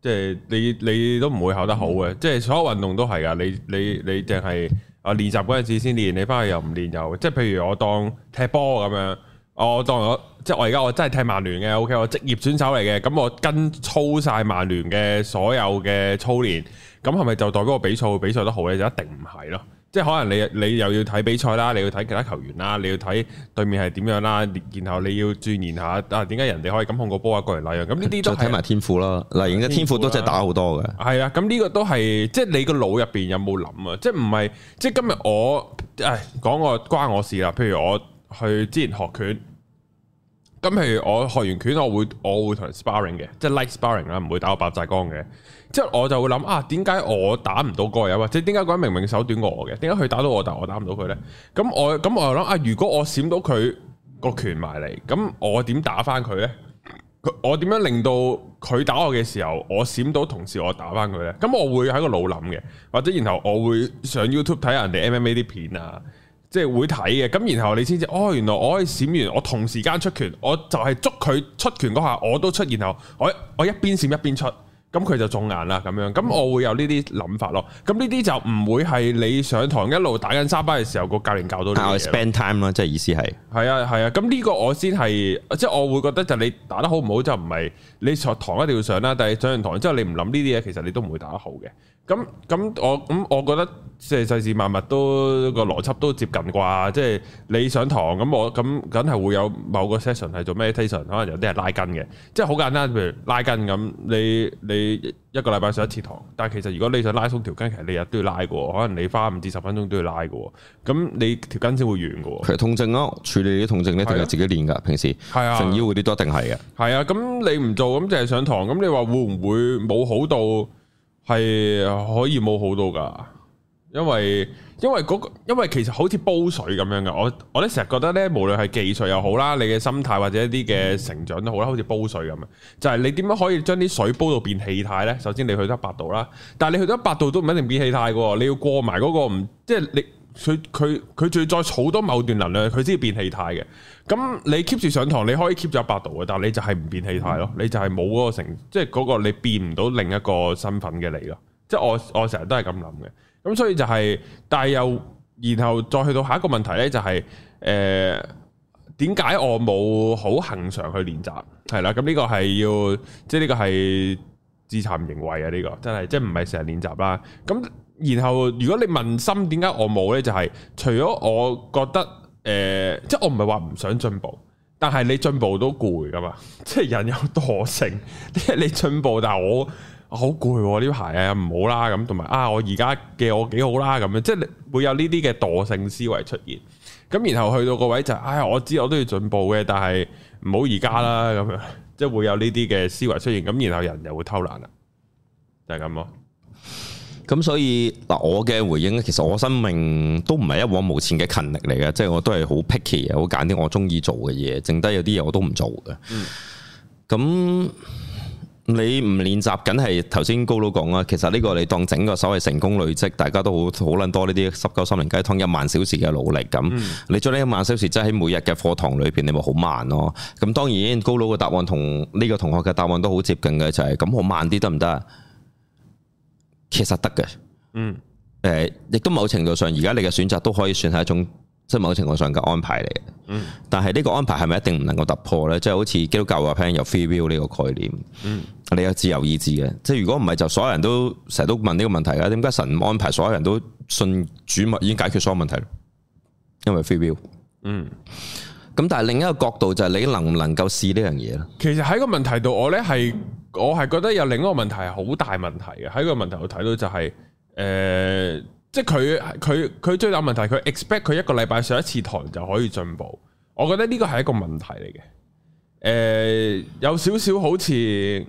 即係你你都唔會考得好嘅，嗯，即係所有運動都係噶。你你你淨係啊練習嗰陣時先練，你翻去又唔練又即係。譬如我當踢波咁樣，我當我即係我而家我真係踢曼聯嘅，O K，我職業選手嚟嘅，咁我跟操晒曼聯嘅所有嘅操練，咁係咪就代表個比賽比賽得好咧？就一定唔係咯。即係可能你你又要睇比賽啦，你要睇其他球員啦，你要睇對面係點樣啦，然後你要鑽研下啊，點解人哋可以咁控個波啊？過嚟嗱樣咁，呢啲都睇埋天賦啦、啊。嗱，而天賦都真係打好多嘅。係啊，咁呢個都係即係你個腦入邊有冇諗啊？即係唔係即係今日我誒講個關我事啊？譬如我去之前學拳。咁譬如我學完拳，我會我會同人 sparring 嘅，即係 like sparring 啦，唔會打我白紮光嘅。之後我就會諗啊，點解我打唔到個友，或者點解個友明明手短過我嘅，點解佢打到我，但我打唔到佢呢？咁我咁我又諗啊，如果我閃到佢個拳埋嚟，咁我點打翻佢呢？我點樣令到佢打我嘅時候，我閃到同時我打翻佢呢？咁我會喺個腦諗嘅，或者然後我會上 YouTube 睇下人哋 MMA 啲片啊。即係會睇嘅，咁然後你先知，哦，原來我可以閃完，我同時間出拳，我就係捉佢出拳嗰下，我都出，然後我我一邊閃一邊出，咁佢就中眼啦，咁樣，咁我會有呢啲諗法咯。咁呢啲就唔會係你上堂一路打緊沙巴嘅時候，個教練教到你嘢。啊，spend time 咯，即係意思係。係啊，係啊，咁呢個我先係，即係我會覺得就你打得好唔好就唔係你上堂一定要上啦，但係上完堂之後你唔諗呢啲嘢，其實你都唔會打得好嘅。咁咁我咁我覺得即係世事萬物都、嗰個邏輯都接近啩，即係你上堂咁我咁梗係會有某個 session 係做 meditation 可能有啲係拉筋嘅，即係好簡單，譬如拉筋咁，你你一個禮拜上一次堂，但係其實如果你想拉鬆條筋，其實你日都要拉嘅，可能你花五至十分鐘都要拉嘅，咁你條筋先會軟嘅。其實痛症咯、啊，處理啲痛症咧，一定係自己練㗎，啊、平時承腰嗰啲多，一定係嘅。係啊，咁、啊、你唔做咁淨係上堂，咁你話會唔會冇好到？係可以冇好多噶，因為因為嗰個，因為其實好似煲水咁樣嘅。我我呢成日覺得呢，無論係技術又好啦，你嘅心態或者一啲嘅成長都好啦，好似煲水咁樣，就係你點樣可以將啲水煲到變氣態呢？首先你去得百度啦，但係你去得百度都唔一定變氣態噶，你要過埋嗰個唔，即係你佢佢佢仲要再儲多某段能量，佢先至變氣態嘅。咁你 keep 住上堂，你可以 keep 住百度嘅，但係你就係唔變氣態咯，嗯、你就係冇嗰個成，即係嗰個你變唔到另一個身份嘅你咯。即係我我成日都係咁諗嘅。咁所以就係，但係又然後再去到下一個問題呢，就係誒點解我冇好恒常去練習？係啦，咁呢個係要，即係呢個係自慚形穢啊！呢個真係，即係唔係成日練習啦。咁然後如果你問心點解我冇呢？就係除咗我覺得。誒、呃，即係我唔係話唔想進步，但係你進步都攰噶嘛，即係人有惰性，即係你進步，但係我好攰呢排啊唔好啦咁，同埋啊我而家嘅我幾好啦咁樣，即係你會有呢啲嘅惰性思維出現，咁然後去到個位就是，唉、哎、我知我都要進步嘅，但係唔好而家啦咁樣，即係會有呢啲嘅思維出現，咁然後人就會偷懶啦，就係咁咯。咁所以嗱，我嘅回應咧，其實我生命都唔係一往無前嘅勤力嚟嘅，即係我都係好 picky 啊，好揀啲我中意做嘅嘢，剩低有啲嘢我都唔做嘅。嗯。咁你唔練習，梗係頭先高佬講啦。其實呢個你當整個所謂成功累積，大家都好好撚多呢啲十九三明雞湯一萬小時嘅努力咁。嗯。你將呢一萬小時即係喺每日嘅課堂裏邊，你咪好慢咯。咁當然高佬嘅答案同呢個同學嘅答案都好接近嘅，就係咁，我慢啲得唔得？其實得嘅，嗯，誒，亦都某程度上而家你嘅選擇都可以算係一種，即係某程度上嘅安排嚟嘅，嗯。但係呢個安排係咪一定唔能夠突破呢？即、就、係、是、好似基督教話 plan 有 f e e l 呢個概念，嗯，你有自由意志嘅。即係如果唔係，就所有人都成日都問呢個問題啦。點解神安排所有人都信主物已經解決所有問題？因為 free l 嗯。咁但係另一個角度就係你能唔能夠試呢樣嘢咧？其實喺個問題度，我呢係我係覺得有另一個問題係好大問題嘅。喺個問題度睇到就係、是，誒、呃，即係佢佢佢最大問題，佢 expect 佢一個禮拜上一次堂就可以進步。我覺得呢個係一個問題嚟嘅。誒、呃，有少少好似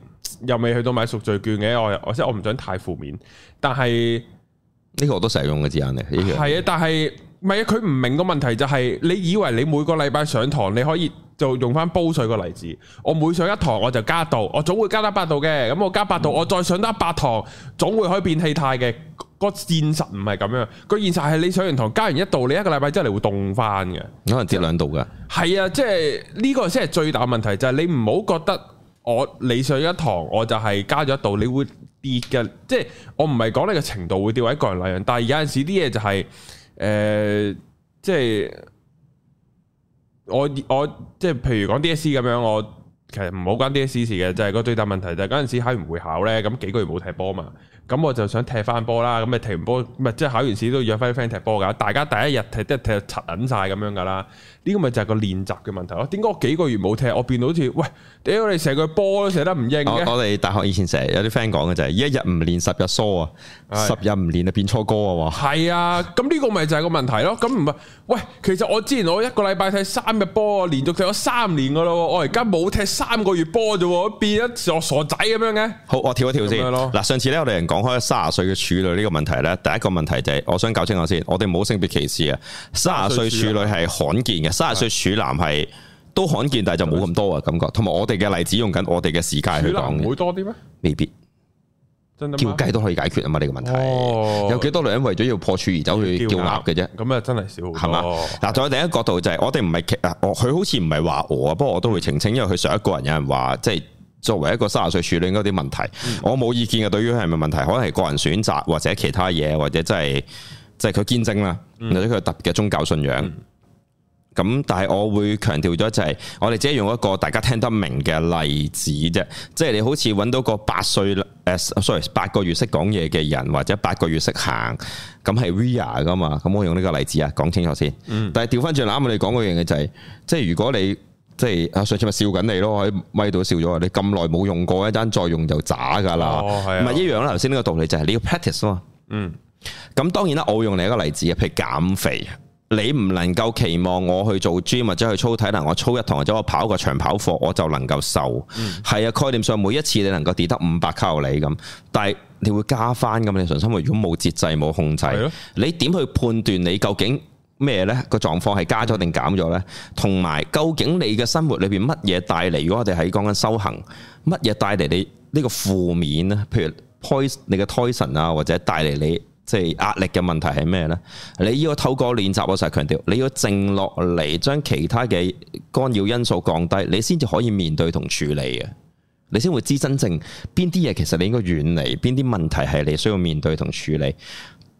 又未去到買贖罪券嘅，我我即我唔想太負面，但係呢個我都成日用嘅字眼嚟。係啊，但係。唔係啊！佢唔明個問題就係，你以為你每個禮拜上堂你可以，就用翻煲水個例子，我每上一堂我就加一度，我總會加得八度嘅。咁我加八度，我再上得一百堂，嗯、總會可以變氣態嘅。個現實唔係咁樣，個現實係你上完堂加完一度，你一個禮拜之後你會凍翻嘅，可能跌兩度噶。係啊，即係呢個先係最大問題就係、是、你唔好覺得我你上一堂我就係加咗一度，你會跌嘅。即、就、係、是、我唔係講你個程度會掉或者個人那樣，但係有陣時啲嘢就係、是。誒、呃，即係我我即係譬如講 DSC 咁樣，我其實唔好關 DSC 事嘅，就係、是、個最大問題就係嗰陣時考完會考咧，咁幾個月冇踢波嘛。咁我就想踢翻波啦，咁咪踢完波，咪即係考完試都約翻啲 friend 踢波噶。大家第一日踢，即踢，都踢就柒捻曬咁樣噶啦。呢個咪就係個練習嘅問題咯。點解我幾個月冇踢，我變到好似喂，屌你成個波都寫得唔應。啊，我哋大學以前成日有啲 friend 講嘅就係：一日唔練十日疏日日啊，十日唔練就變錯歌啊嘛。係啊，咁呢個咪就係個問題咯。咁唔係，喂，其實我之前我一個禮拜踢三日波，連續踢咗三年噶咯。我而家冇踢三個月波啫，變咗成個傻仔咁樣嘅。好，我跳一跳先。嗱樣，上次咧我哋人講。講開三十歲嘅處女呢個問題呢，第一個問題就係、是，我想搞清楚先，我哋冇性別歧視啊。三十歲處女係罕見嘅，三十歲處男係都罕見，但係就冇咁多啊感覺。同埋我哋嘅例子用緊我哋嘅時間去講，會多啲咩？未必真叫雞都可以解決啊嘛？呢、這個問題、哦、有幾多女人為咗要破處而走去叫鴨嘅啫？咁啊、嗯、真係少係嘛？嗱，仲有第一個角度就係，哦、我哋唔係佢好似唔係話我啊，不過我都會澄清，因為佢上一個人有人話即係。作為一個三十歲處理嗰啲問題，嗯、我冇意見嘅。對於係咪問題，可能係個人選擇，或者其他嘢，或者真、就、係、是，即係佢見證啦，嗯、或者佢特別嘅宗教信仰。咁、嗯、但係我會強調咗，就係我哋只係用一個大家聽得明嘅例子啫。即、就、係、是、你好似揾到個八歲、呃、sorry 八個月識講嘢嘅人，或者八個月識行，咁係 VIA 噶嘛？咁我用呢個例子啊，講清楚先。但係掉返轉，啱我哋講嗰樣嘢就係，即係如果你。即係上次咪，咪笑緊你咯喺咪度笑咗，你咁耐冇用過一陣再用就渣噶啦，唔係、哦、一樣啦。頭先呢個道理就係你要 practice 啊嘛。嗯，咁當然啦，我用嚟一個例子嘅，譬如減肥，你唔能夠期望我去做 gym 或者去操體能，我操一堂或者我跑個長跑課，我就能夠瘦。係啊、嗯，概念上每一次你能夠跌得五百卡路里咁，但係你會加翻，咁你純心話如果冇節制冇控制，嗯、你點去判斷你究竟？咩呢？個狀況係加咗定減咗呢？同埋，究竟你嘅生活裏邊乜嘢帶嚟？如果我哋喺講緊修行，乜嘢帶嚟你呢個負面呢？譬如胎你嘅胎神啊，或者帶嚟你即係壓力嘅問題係咩呢？你要透過練習，我成日強調，你要靜落嚟，將其他嘅干擾因素降低，你先至可以面對同處理嘅，你先會知真正邊啲嘢其實你應該遠離，邊啲問題係你需要面對同處理。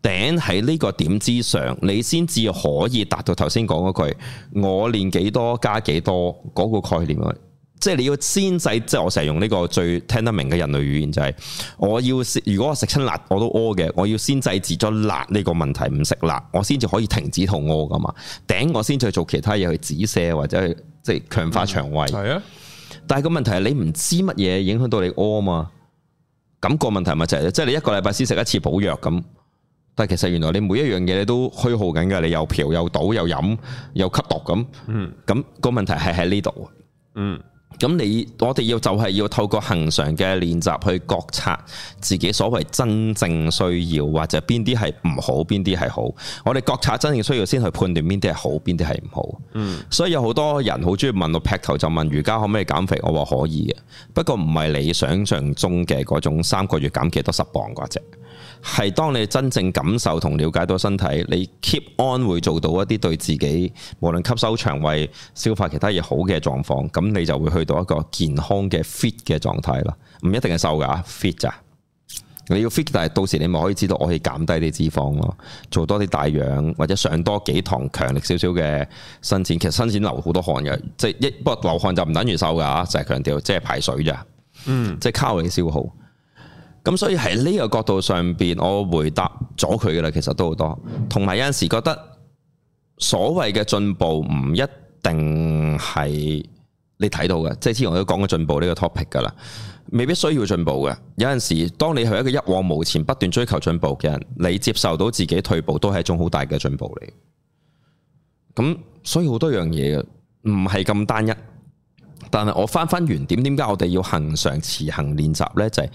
頂喺呢個點之上，你先至可以達到頭先講嗰句，我練幾多加幾多嗰個概念啊！即係你要先制，即係我成日用呢個最聽得明嘅人類語言，就係我要如果我食親辣我都屙嘅，我要先制止咗辣呢個問題，唔食辣，我先至可以停止肚屙噶嘛。頂我先至做其他嘢去止瀉或者去即係強化腸胃。嗯、但係個問題係你唔知乜嘢影響到你屙嘛。咁個問題咪就係，即係你一個禮拜先食一次補藥咁。但其實原來你每一樣嘢都虛耗緊㗎，你又嫖又賭又飲又吸毒咁，咁個、嗯、問題係喺呢度啊。嗯咁你我哋要就係要透過恆常嘅練習去覺察自己所謂真正需要，或者邊啲係唔好、邊啲係好，我哋覺察真正需要先去判斷邊啲係好、邊啲係唔好。嗯，所以有好多人好中意問我劈頭就問瑜伽可唔可以減肥，我話可以嘅，不過唔係你想象中嘅嗰種三個月減幾多十磅嗰隻，係當你真正感受同了解到身體，你 keep on 會做到一啲對自己無論吸收、腸胃消化、其他嘢好嘅狀況，咁你就會去。做一個健康嘅 fit 嘅狀態咯，唔一定係瘦噶 fit 咋，你要 fit 但係到時你咪可以知道我可以減低啲脂肪咯，做多啲帶氧或者上多幾堂強力少少嘅伸展，其實伸展流好多汗嘅，即係一不過流汗就唔等於瘦噶吓，就係強調即係排水啫，嗯，即係卡路里消耗。咁所以喺呢個角度上邊，我回答咗佢嘅啦，其實都好多。同埋有陣時覺得，所謂嘅進步唔一定係。你睇到嘅，即係之前我都講過進步呢個 topic 㗎喇，未必需要進步嘅。有陣時，當你係一個一往無前、不斷追求進步嘅人，你接受到自己退步都係一種好大嘅進步嚟。咁所以好多樣嘢唔係咁單一，但係我翻翻原點，點解我哋要恆常持行練習呢？就係、是、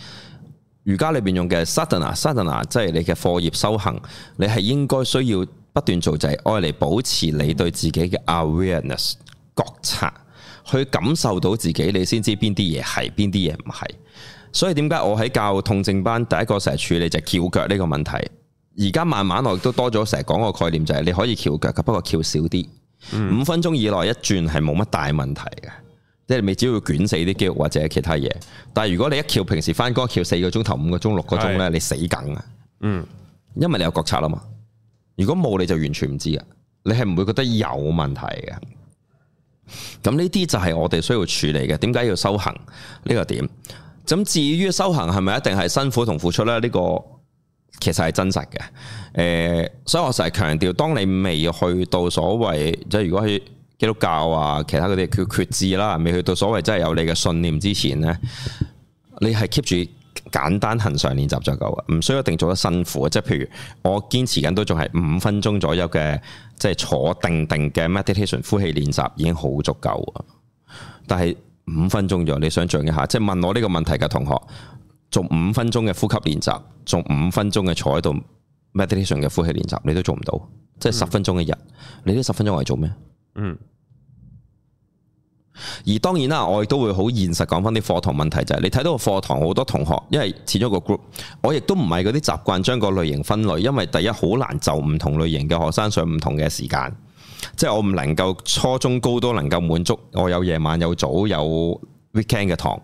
瑜伽裏面用嘅 sadhana，sadhana 即係你嘅課業修行，你係應該需要不斷做就係愛嚟保持你對自己嘅 awareness 覺察。去感受到自己，你先知邊啲嘢係，邊啲嘢唔係。所以點解我喺教痛症班，第一個成日處理就係翹腳呢個問題。而家慢慢我亦都多咗成日講個概念，就係你可以翹腳嘅，不過翹少啲。嗯、五分鐘以內一轉係冇乜大問題嘅，即係未至於捲死啲肌肉或者其他嘢。但係如果你一翹，平時翻工翹四個鐘頭、五個鐘、六個鐘呢，你死梗啊！嗯，因為你有覺察啊嘛。如果冇，你就完全唔知啊。你係唔會覺得有問題嘅。咁呢啲就係我哋需要處理嘅，點解要修行呢個點？咁至於修行係咪一定係辛苦同付出呢？呢個其實係真實嘅。誒、呃，所以我成日強調，當你未去到所謂即係如果去基督教啊，其他嗰啲叫決志啦，未去到所謂真係有你嘅信念之前呢，你係 keep 住。簡單恒常練習就夠啊，唔需要一定做得辛苦啊，即係譬如我堅持緊都仲係五分鐘左右嘅，即係坐定定嘅 meditation 呼吸練習已經好足夠啊。但係五分鐘咗，你想象一下，即係問我呢個問題嘅同學做五分鐘嘅呼吸練習，做五分鐘嘅坐喺度 meditation 嘅呼吸練習，你都做唔到。嗯、即係十分鐘嘅日，你呢十分鐘我係做咩？嗯。而當然啦，我亦都會好現實講翻啲課堂問題，就係你睇到個課堂好多同學，因為始咗個 group，我亦都唔係嗰啲習慣將個類型分類，因為第一好難就唔同類型嘅學生上唔同嘅時間，即係我唔能夠初中高都能夠滿足，我有夜晚有早有 weekend 嘅堂，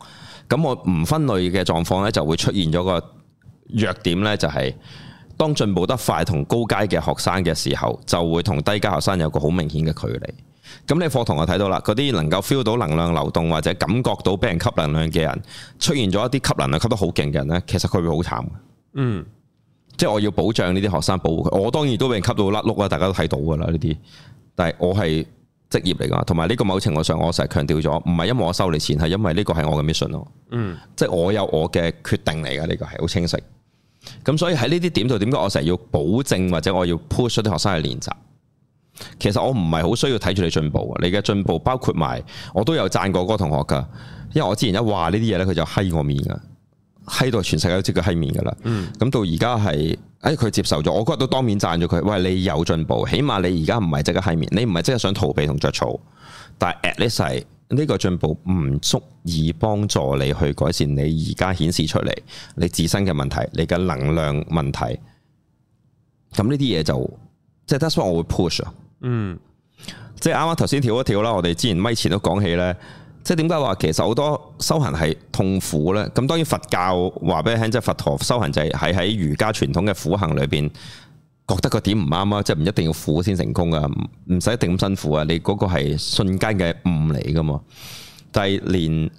咁我唔分類嘅狀況呢，就會出現咗個弱點呢，就係當進步得快同高階嘅學生嘅時候，就會同低階學生有個好明顯嘅距離。咁你課堂就睇到啦，嗰啲能夠 feel 到能量流動或者感覺到俾人吸能量嘅人，出現咗一啲吸能量吸得好勁嘅人呢，其實佢會好慘。嗯，即係我要保障呢啲學生，保護佢，我當然都俾人吸到甩碌啦，大家都睇到噶啦呢啲。但係我係職業嚟噶，同埋呢個某程度上，我成日強調咗，唔係因為我收你錢，係因為呢個係我嘅 mission 咯。嗯，即係我有我嘅決定嚟噶，呢個係好清晰。咁所以喺呢啲點度，點解我成日要保證或者我要 push 啲學生去練習？其實我唔係好需要睇住你進步，你嘅進步包括埋我都有讚過嗰個同學噶，因為我之前一話呢啲嘢咧，佢就閪我面噶，閪到全世界都知佢閪面噶啦。咁、嗯、到而家係誒佢接受咗，我嗰日都當面讚咗佢，喂，你有進步，起碼你而家唔係即刻閪面，你唔係即係想逃避同著草。但係 at least 呢個進步唔足以幫助你去改善你而家顯示出嚟，你自身嘅問題，你嘅能量問題。咁呢啲嘢就即係 that's why 我會 push。嗯，即係啱啱頭先跳一跳啦，我哋之前咪前都講起呢，即係點解話其實好多修行係痛苦呢？咁當然佛教話俾你聽，即係佛陀修行就係喺儒家傳統嘅苦行裏邊，覺得個點唔啱啊，即係唔一定要苦先成功啊，唔使一定咁辛苦啊，你嗰個係瞬間嘅悟嚟噶嘛，但係連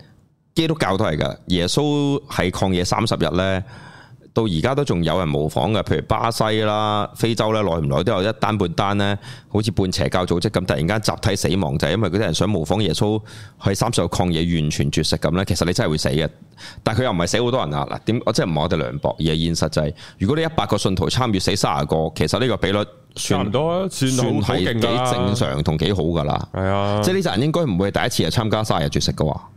基督教都係噶，耶穌喺曠野三十日呢，到而家都仲有人模仿嘅，譬如巴西啦、非洲咧，耐唔耐都有一單半單咧，好似半邪教組織咁，突然間集體死亡就係、是、因為嗰啲人想模仿耶穌喺三十抗野，完全絕食咁咧，其實你真係會死嘅，但係佢又唔係死好多人啊嗱，點我即係唔係我哋涼薄，而係現實就係、是、如果你一百個信徒參與死三十個，其實呢個比率算差唔多，算係幾正常同幾好㗎啦，係啊的，即係呢隻人應該唔會第一次係參加三十日絕食嘅話。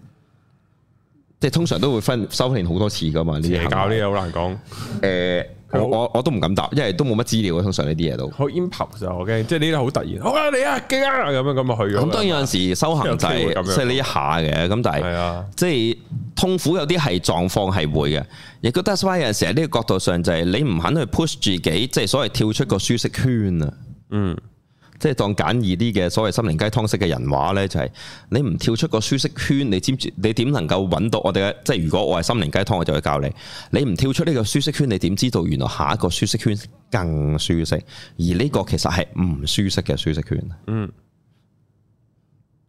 即係通常都會分修行好多次㗎嘛，呢啲教呢嘢好難講。誒、欸很，我我都唔敢答，因為都冇乜資料、啊、通常呢啲嘢都好 impact 我驚。即係呢啲好突然，好啊，你啊，驚啊，咁樣咁啊去咁。當然有陣時修行就係細呢一下嘅，咁但係、啊、即係痛苦有啲係狀況係會嘅。亦覺得，所以有陣時喺呢個角度上就係、是、你唔肯去 push 自己，即係所謂跳出個舒適圈啊。嗯。即係當簡易啲嘅所謂心靈雞湯式嘅人話呢，就係、是、你唔跳出個舒適圈，你知唔知？你點能夠搵到我哋？即係如果我係心靈雞湯，我就會教你。你唔跳出呢個舒適圈，你點知道原來下一個舒適圈更舒適？而呢個其實係唔舒適嘅舒適圈。嗯。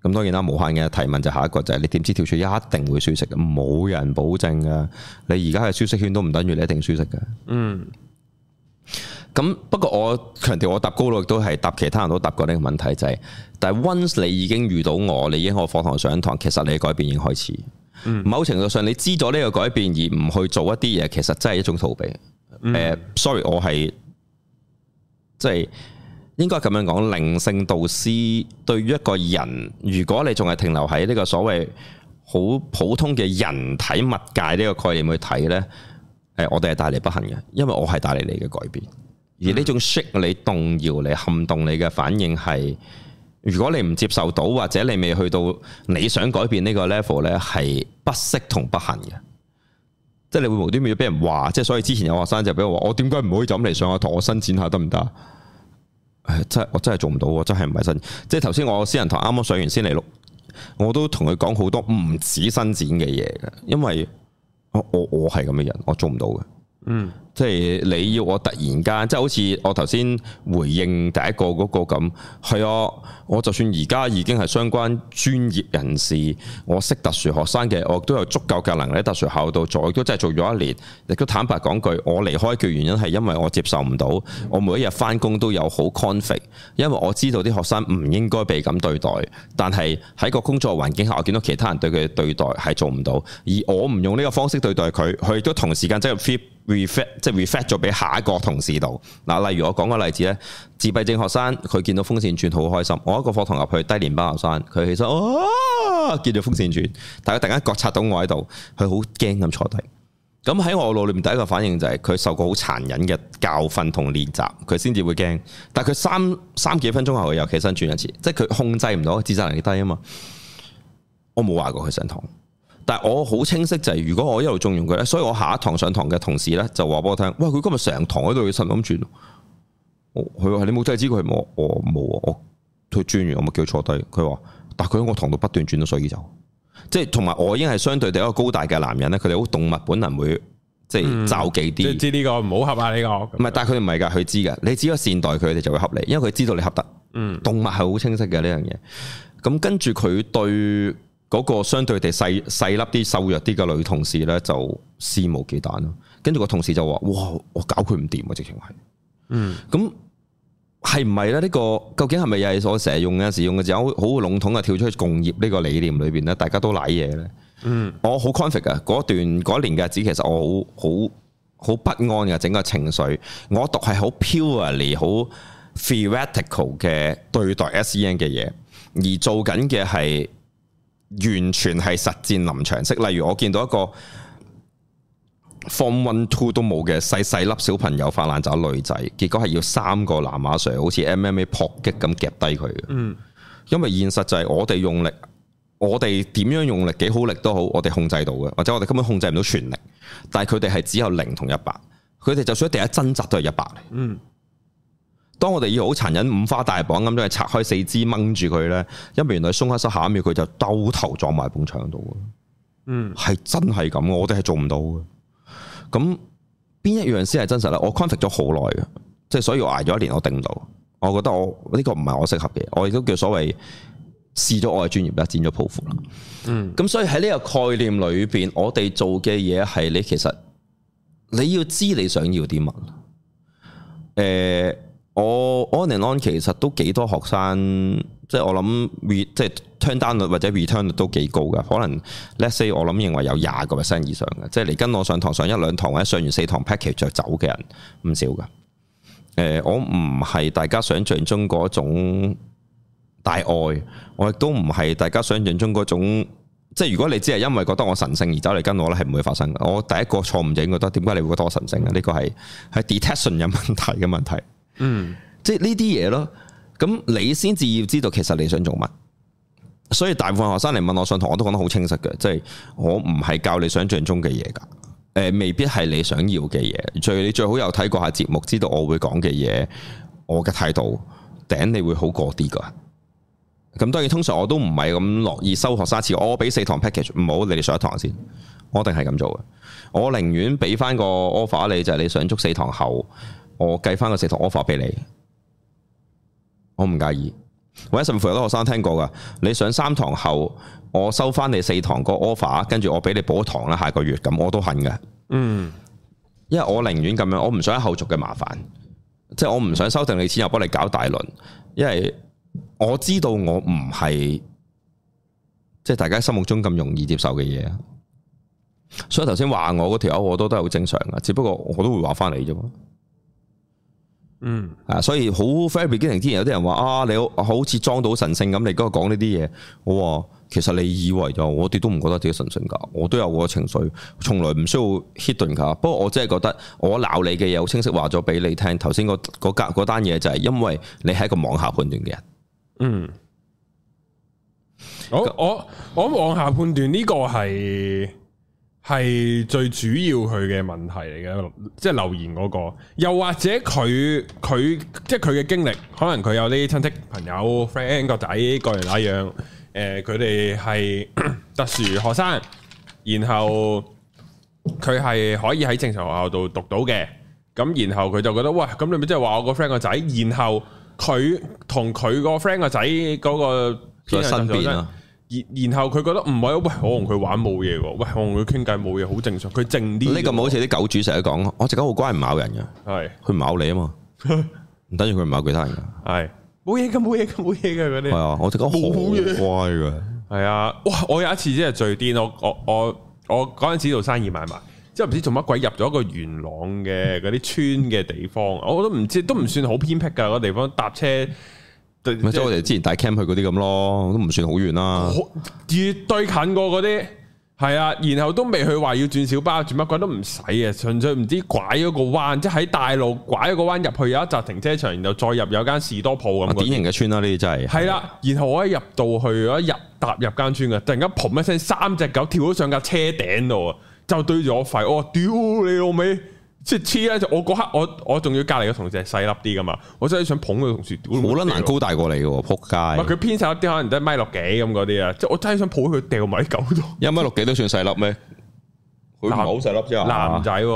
咁當然啦，無限嘅提問就下一個就係、是、你點知跳出一定會舒適？冇人保證㗎。你而家嘅舒適圈都唔等於你一定舒適嘅。嗯。咁不過我強調，我答高佬亦都係答其他人都答過呢個問題，就係、是、但係 once 你已經遇到我，你已經喺我課堂上堂，其實你嘅改變已經開始。嗯、某程度上你知咗呢個改變而唔去做一啲嘢，其實真係一種逃避。誒、嗯呃，sorry，我係即係應該咁樣講，靈性導師對於一個人，如果你仲係停留喺呢個所謂好普通嘅人體物界呢個概念去睇呢，誒、呃，我哋係帶嚟不幸嘅，因為我係帶嚟你嘅改變。而呢種 shake 你動搖、你撼動你嘅反應係，如果你唔接受到，或者你未去到你想改變呢個 level 呢係不適同不幸嘅。即係你會無端端要俾人話，即係所以之前有學生就俾我話，我點解唔可以就咁嚟上下堂，我伸展下得唔得？誒，真係我真係做唔到，我真係唔係伸展。即係頭先我私人堂啱啱上完先嚟錄，我都同佢講好多唔止伸展嘅嘢嘅，因為我我我係咁嘅人，我做唔到嘅。嗯。即係你要我突然間，即係好似我頭先回應第一個嗰個咁，係啊，我就算而家已經係相關專業人士，我識特殊學生嘅，我都有足夠嘅能力喺特殊校度做，都真係做咗一年。亦都坦白講句，我離開嘅原因係因為我接受唔到，我每一日翻工都有好 conflict，因為我知道啲學生唔應該被咁對待，但係喺個工作環境下，我見到其他人對佢對待係做唔到，而我唔用呢個方式對待佢，佢都同時間真係 reflect 即係 reflect 咗俾下一個同事度嗱，例如我講個例子咧，自閉症學生佢見到風扇轉好開心，我一個課堂入去低年班學生，佢起身哦、啊，見到風扇轉，但佢突然間覺察到我喺度，佢好驚咁坐低。咁喺我腦裏面，第一個反應就係、是、佢受過好殘忍嘅教訓同練習，佢先至會驚。但係佢三三幾分鐘後又起身轉一次，即係佢控制唔到自殺能力低啊嘛。我冇話過佢上堂。但係我好清晰就係如果我一路縱容佢咧，所以我下一堂上堂嘅同事咧就話俾我聽，喂，佢今日成堂喺度嘅心諗轉，佢話、哦、你冇計知佢冇、哦啊、我冇我佢轉完我咪叫佢坐低，佢話但係佢喺我堂度不斷轉到所以就即係同埋我已經係相對地一個高大嘅男人咧，佢哋好動物本能會即係找忌啲，嗯就是、知呢個唔好合啊呢個，唔係、這個、但係佢唔係噶，佢知噶，你只要善待佢哋就會合你，因為佢知道你合得，嗯，動物係好清晰嘅呢樣嘢，咁、嗯嗯、跟住佢對。嗰個相對地細細粒啲瘦弱啲嘅女同事呢，就肆無忌憚咯。跟住個同事就話，哇，我搞佢唔掂啊！直情係，嗯，咁係唔係呢？呢、呢個究竟係咪又係我成日用嘅時用嘅時候好籠統嘅跳出去共業呢個理念裏邊呢，大家都舐嘢咧。嗯，我好 conflict 啊！嗰段嗰年嘅日子，其實我好好好不安嘅整個情緒，我讀係好 purely 好 theoretical 嘅對待 S E N 嘅嘢，而做緊嘅係。完全係實戰臨場式，例如我見到一個 form one two 都冇嘅細細粒小朋友，發爛渣女仔，結果係要三個藍馬 sir，好似 MMA 搏擊咁夾低佢嘅。嗯，因為現實就係我哋用力，我哋點樣用力，幾好力都好，我哋控制到嘅，或者我哋根本控制唔到全力，但係佢哋係只有零同一百，佢哋就算第一掙扎都係一百。嗯。當我哋要好殘忍，五花大綁咁樣拆開四肢掹住佢咧，因為原來鬆開手下一秒佢就兜頭撞埋喺埲牆度，嗯，係真係咁，我哋係做唔到嘅。咁邊一樣先係真實咧？我 conflict 咗好耐嘅，即係所以我挨咗一年我定唔到，我覺得我呢個唔係我適合嘅，我亦都叫所謂試咗我嘅專業啦，剪咗抱褲啦，嗯，咁所以喺呢個概念裏邊，我哋做嘅嘢係你其實你要知你想要啲乜，誒、呃。我 on and on 其實都幾多學生，即係我諗 re 即係 turn down 率或者 return 率都幾高噶。可能 Let's say 我諗認為有廿個 percent 以上嘅，即係嚟跟我上堂上一兩堂或者上完四堂 package 就走嘅人唔少噶。誒、呃，我唔係大家想象中嗰種大愛，我亦都唔係大家想象中嗰種。即係如果你只係因為覺得我神聖而走嚟跟我咧，係唔會發生嘅。我第一個錯誤嘅應該，覺得點解你會覺得我神聖？啊？呢個係係 detection 有問題嘅問題。嗯，即係呢啲嘢咯，咁你先至要知道其實你想做乜，所以大部分學生嚟問我上堂，我都講得好清晰嘅，即係我唔係教你想象中嘅嘢噶，誒、呃，未必係你想要嘅嘢，最你最好有睇過下節目，知道我會講嘅嘢，我嘅態度頂你會好過啲噶。咁當然通常我都唔係咁樂意收學生一次，我俾四堂 package，唔好你哋上一堂先，我一定係咁做嘅，我寧願俾翻個 offer 你，就係、是、你上足四堂後。我計翻個四堂 offer 俾你，我唔介意。或者甚至乎有啲學生聽過噶，你上三堂後，我收翻你四堂個 offer，跟住我俾你補一堂啦，下個月咁，我都肯嘅。嗯，因為我寧願咁樣，我唔想後續嘅麻煩，即係我唔想收定你錢又幫你搞大輪，因為我知道我唔係即係大家心目中咁容易接受嘅嘢。所以頭先話我嗰條友我都都係好正常噶，只不過我都會話翻你啫嘛。嗯，啊，所以好 fair 有啲人話啊，你好似裝到神聖咁，你嗰個講呢啲嘢，我話其實你以為就我哋都唔覺得自己神聖噶，我都有我嘅情緒，從來唔需要 hidden 噶。不過我真係覺得我鬧你嘅嘢，好清晰話咗俾你聽。頭先嗰格單嘢就係因為你係一個妄下判斷嘅人。嗯，那好我我我妄下判斷呢個係係最主要佢嘅問題嚟嘅，即係留言嗰、那個。又或者佢佢即係佢嘅經歷，可能佢有啲親戚朋友 friend 個仔各樣那樣。誒、呃，佢哋係特殊學生，然後佢係可以喺正常學校度讀到嘅。咁然後佢就覺得，哇！咁你咪即係話我個 friend 個仔，然後佢同佢個 friend 個仔嗰個偏然然後佢覺得唔係，喂，我同佢玩冇嘢喎，喂，我同佢傾偈冇嘢，好正常。佢靜啲。呢個咪好似啲狗主成日講，我隻狗好乖，唔咬人噶。係是，佢唔咬你啊嘛，唔 <laughs> 等於佢唔咬其他人噶。係，冇嘢噶，冇嘢噶，冇嘢噶嗰啲。係啊，我隻狗好乖噶。係啊，哇！我有一次真係最癲，我我我嗰陣時做生意買賣，即係唔知做乜鬼入咗一個元朗嘅嗰啲村嘅地方，我都唔知，都唔算好偏僻噶嗰個地方，搭車。咪即係我哋之前帶 camp 去嗰啲咁咯，都唔算好遠啦，絕對近過嗰啲，係啊，然後都未去話要轉小巴轉乜鬼都唔使啊，純粹唔知拐咗個彎，即係喺大路拐咗個彎入去有一集停車場，然後再入有間士多鋪咁、啊。典型嘅村啦、啊，呢啲真係。係啦、啊啊，然後我一入到去，一入踏入間村嘅，突然間嘭一聲，三隻狗跳咗上架車頂度，啊，就對住我吠：「我屌你老味！」即係黐咧，就我嗰刻我我仲要隔籬嘅同事係細粒啲噶嘛，我真係想捧佢同事，冇得難高大過你嘅，撲街。佢偏細一啲，可能得一米六幾咁嗰啲啊！即係我真係想抱佢掉埋啲狗度。一米六幾都算細粒咩？佢唔係好細粒啫，男仔。咁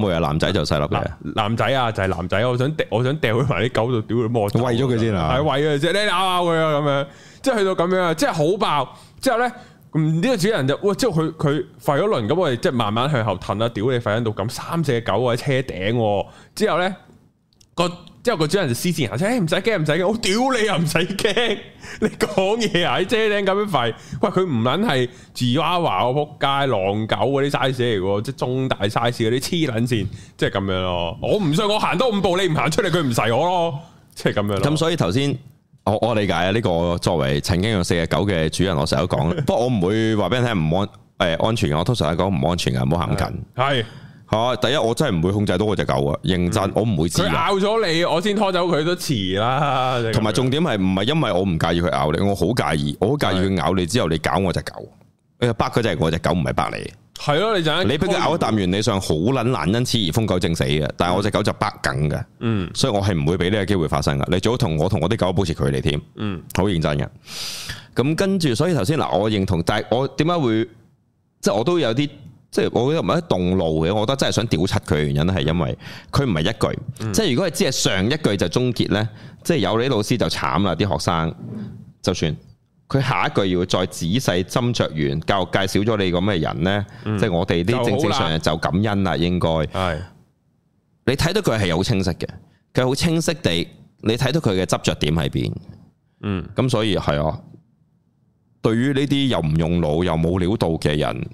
我話男仔就細粒嘅。男仔啊，就係、是、男仔，我想掉，我想掉佢埋啲狗度，屌佢莫。喂咗佢先啦，係喂佢先，你咬咬佢啊咁樣，即係去到咁樣，即係好爆之後咧。就是呢就是唔呢個主人就喂，之後佢佢吠咗輪咁，我哋即係慢慢向後褪啦，屌你吠喺度咁，三隻狗喺車頂之後咧個，之後個主人就施箭行車，唔使驚唔使驚，我屌你又唔使驚，你講嘢啊喺車頂咁樣吠。喂，佢唔撚係芝娃娃個仆街狼狗嗰啲 size 嚟噶，即係中大 size 嗰啲黐捻線，即係咁樣咯。我唔信我行多五步，你唔行出嚟，佢唔使我咯，即係咁樣咯。咁所以頭先。我我理解啊，呢、呢個作為曾經用四隻狗嘅主人，我成日都講。 <laughs> 不過我唔會話俾人聽唔安誒安全嘅，我通常都講唔安全嘅，唔好行近。係吓是，第一我真係唔會控制到我隻狗啊，認真我唔會知。佢咬咗你，我先拖走佢都遲啦。同埋重點係唔係因為我唔介意佢咬你，我好介意，我好介意佢咬你之後是你搞我隻狗。誒、哎，八嗰隻係我隻狗，唔係八你。係咯，你就你俾佢咬一啖，原理上好撚難，因此而瘋狗症死嘅。但係我隻狗就繃緊嘅，嗯，所以我係唔會俾呢個機會發生嘅。你最好同我同我啲狗保持距離添，嗯，好認真嘅。咁跟住，所以頭先嗱，我認同，但係我點解會即係我都有啲即係我唔係一動怒嘅，我覺得真係想屌柒佢嘅原因係因為佢唔係一句，嗯、即係如果佢只係上一句就終結咧，即係有啲老師就慘啦，啲學生就算。嗯佢下一句要再仔細斟酌完，教育介紹咗你咁嘅人呢？嗯、即係我哋啲正正常常就感恩啦，應該。係。你睇到佢係好清晰嘅，佢好清晰地，你睇到佢嘅執着點喺邊。嗯，咁所以係啊，對於呢啲又唔用腦又冇料到嘅人，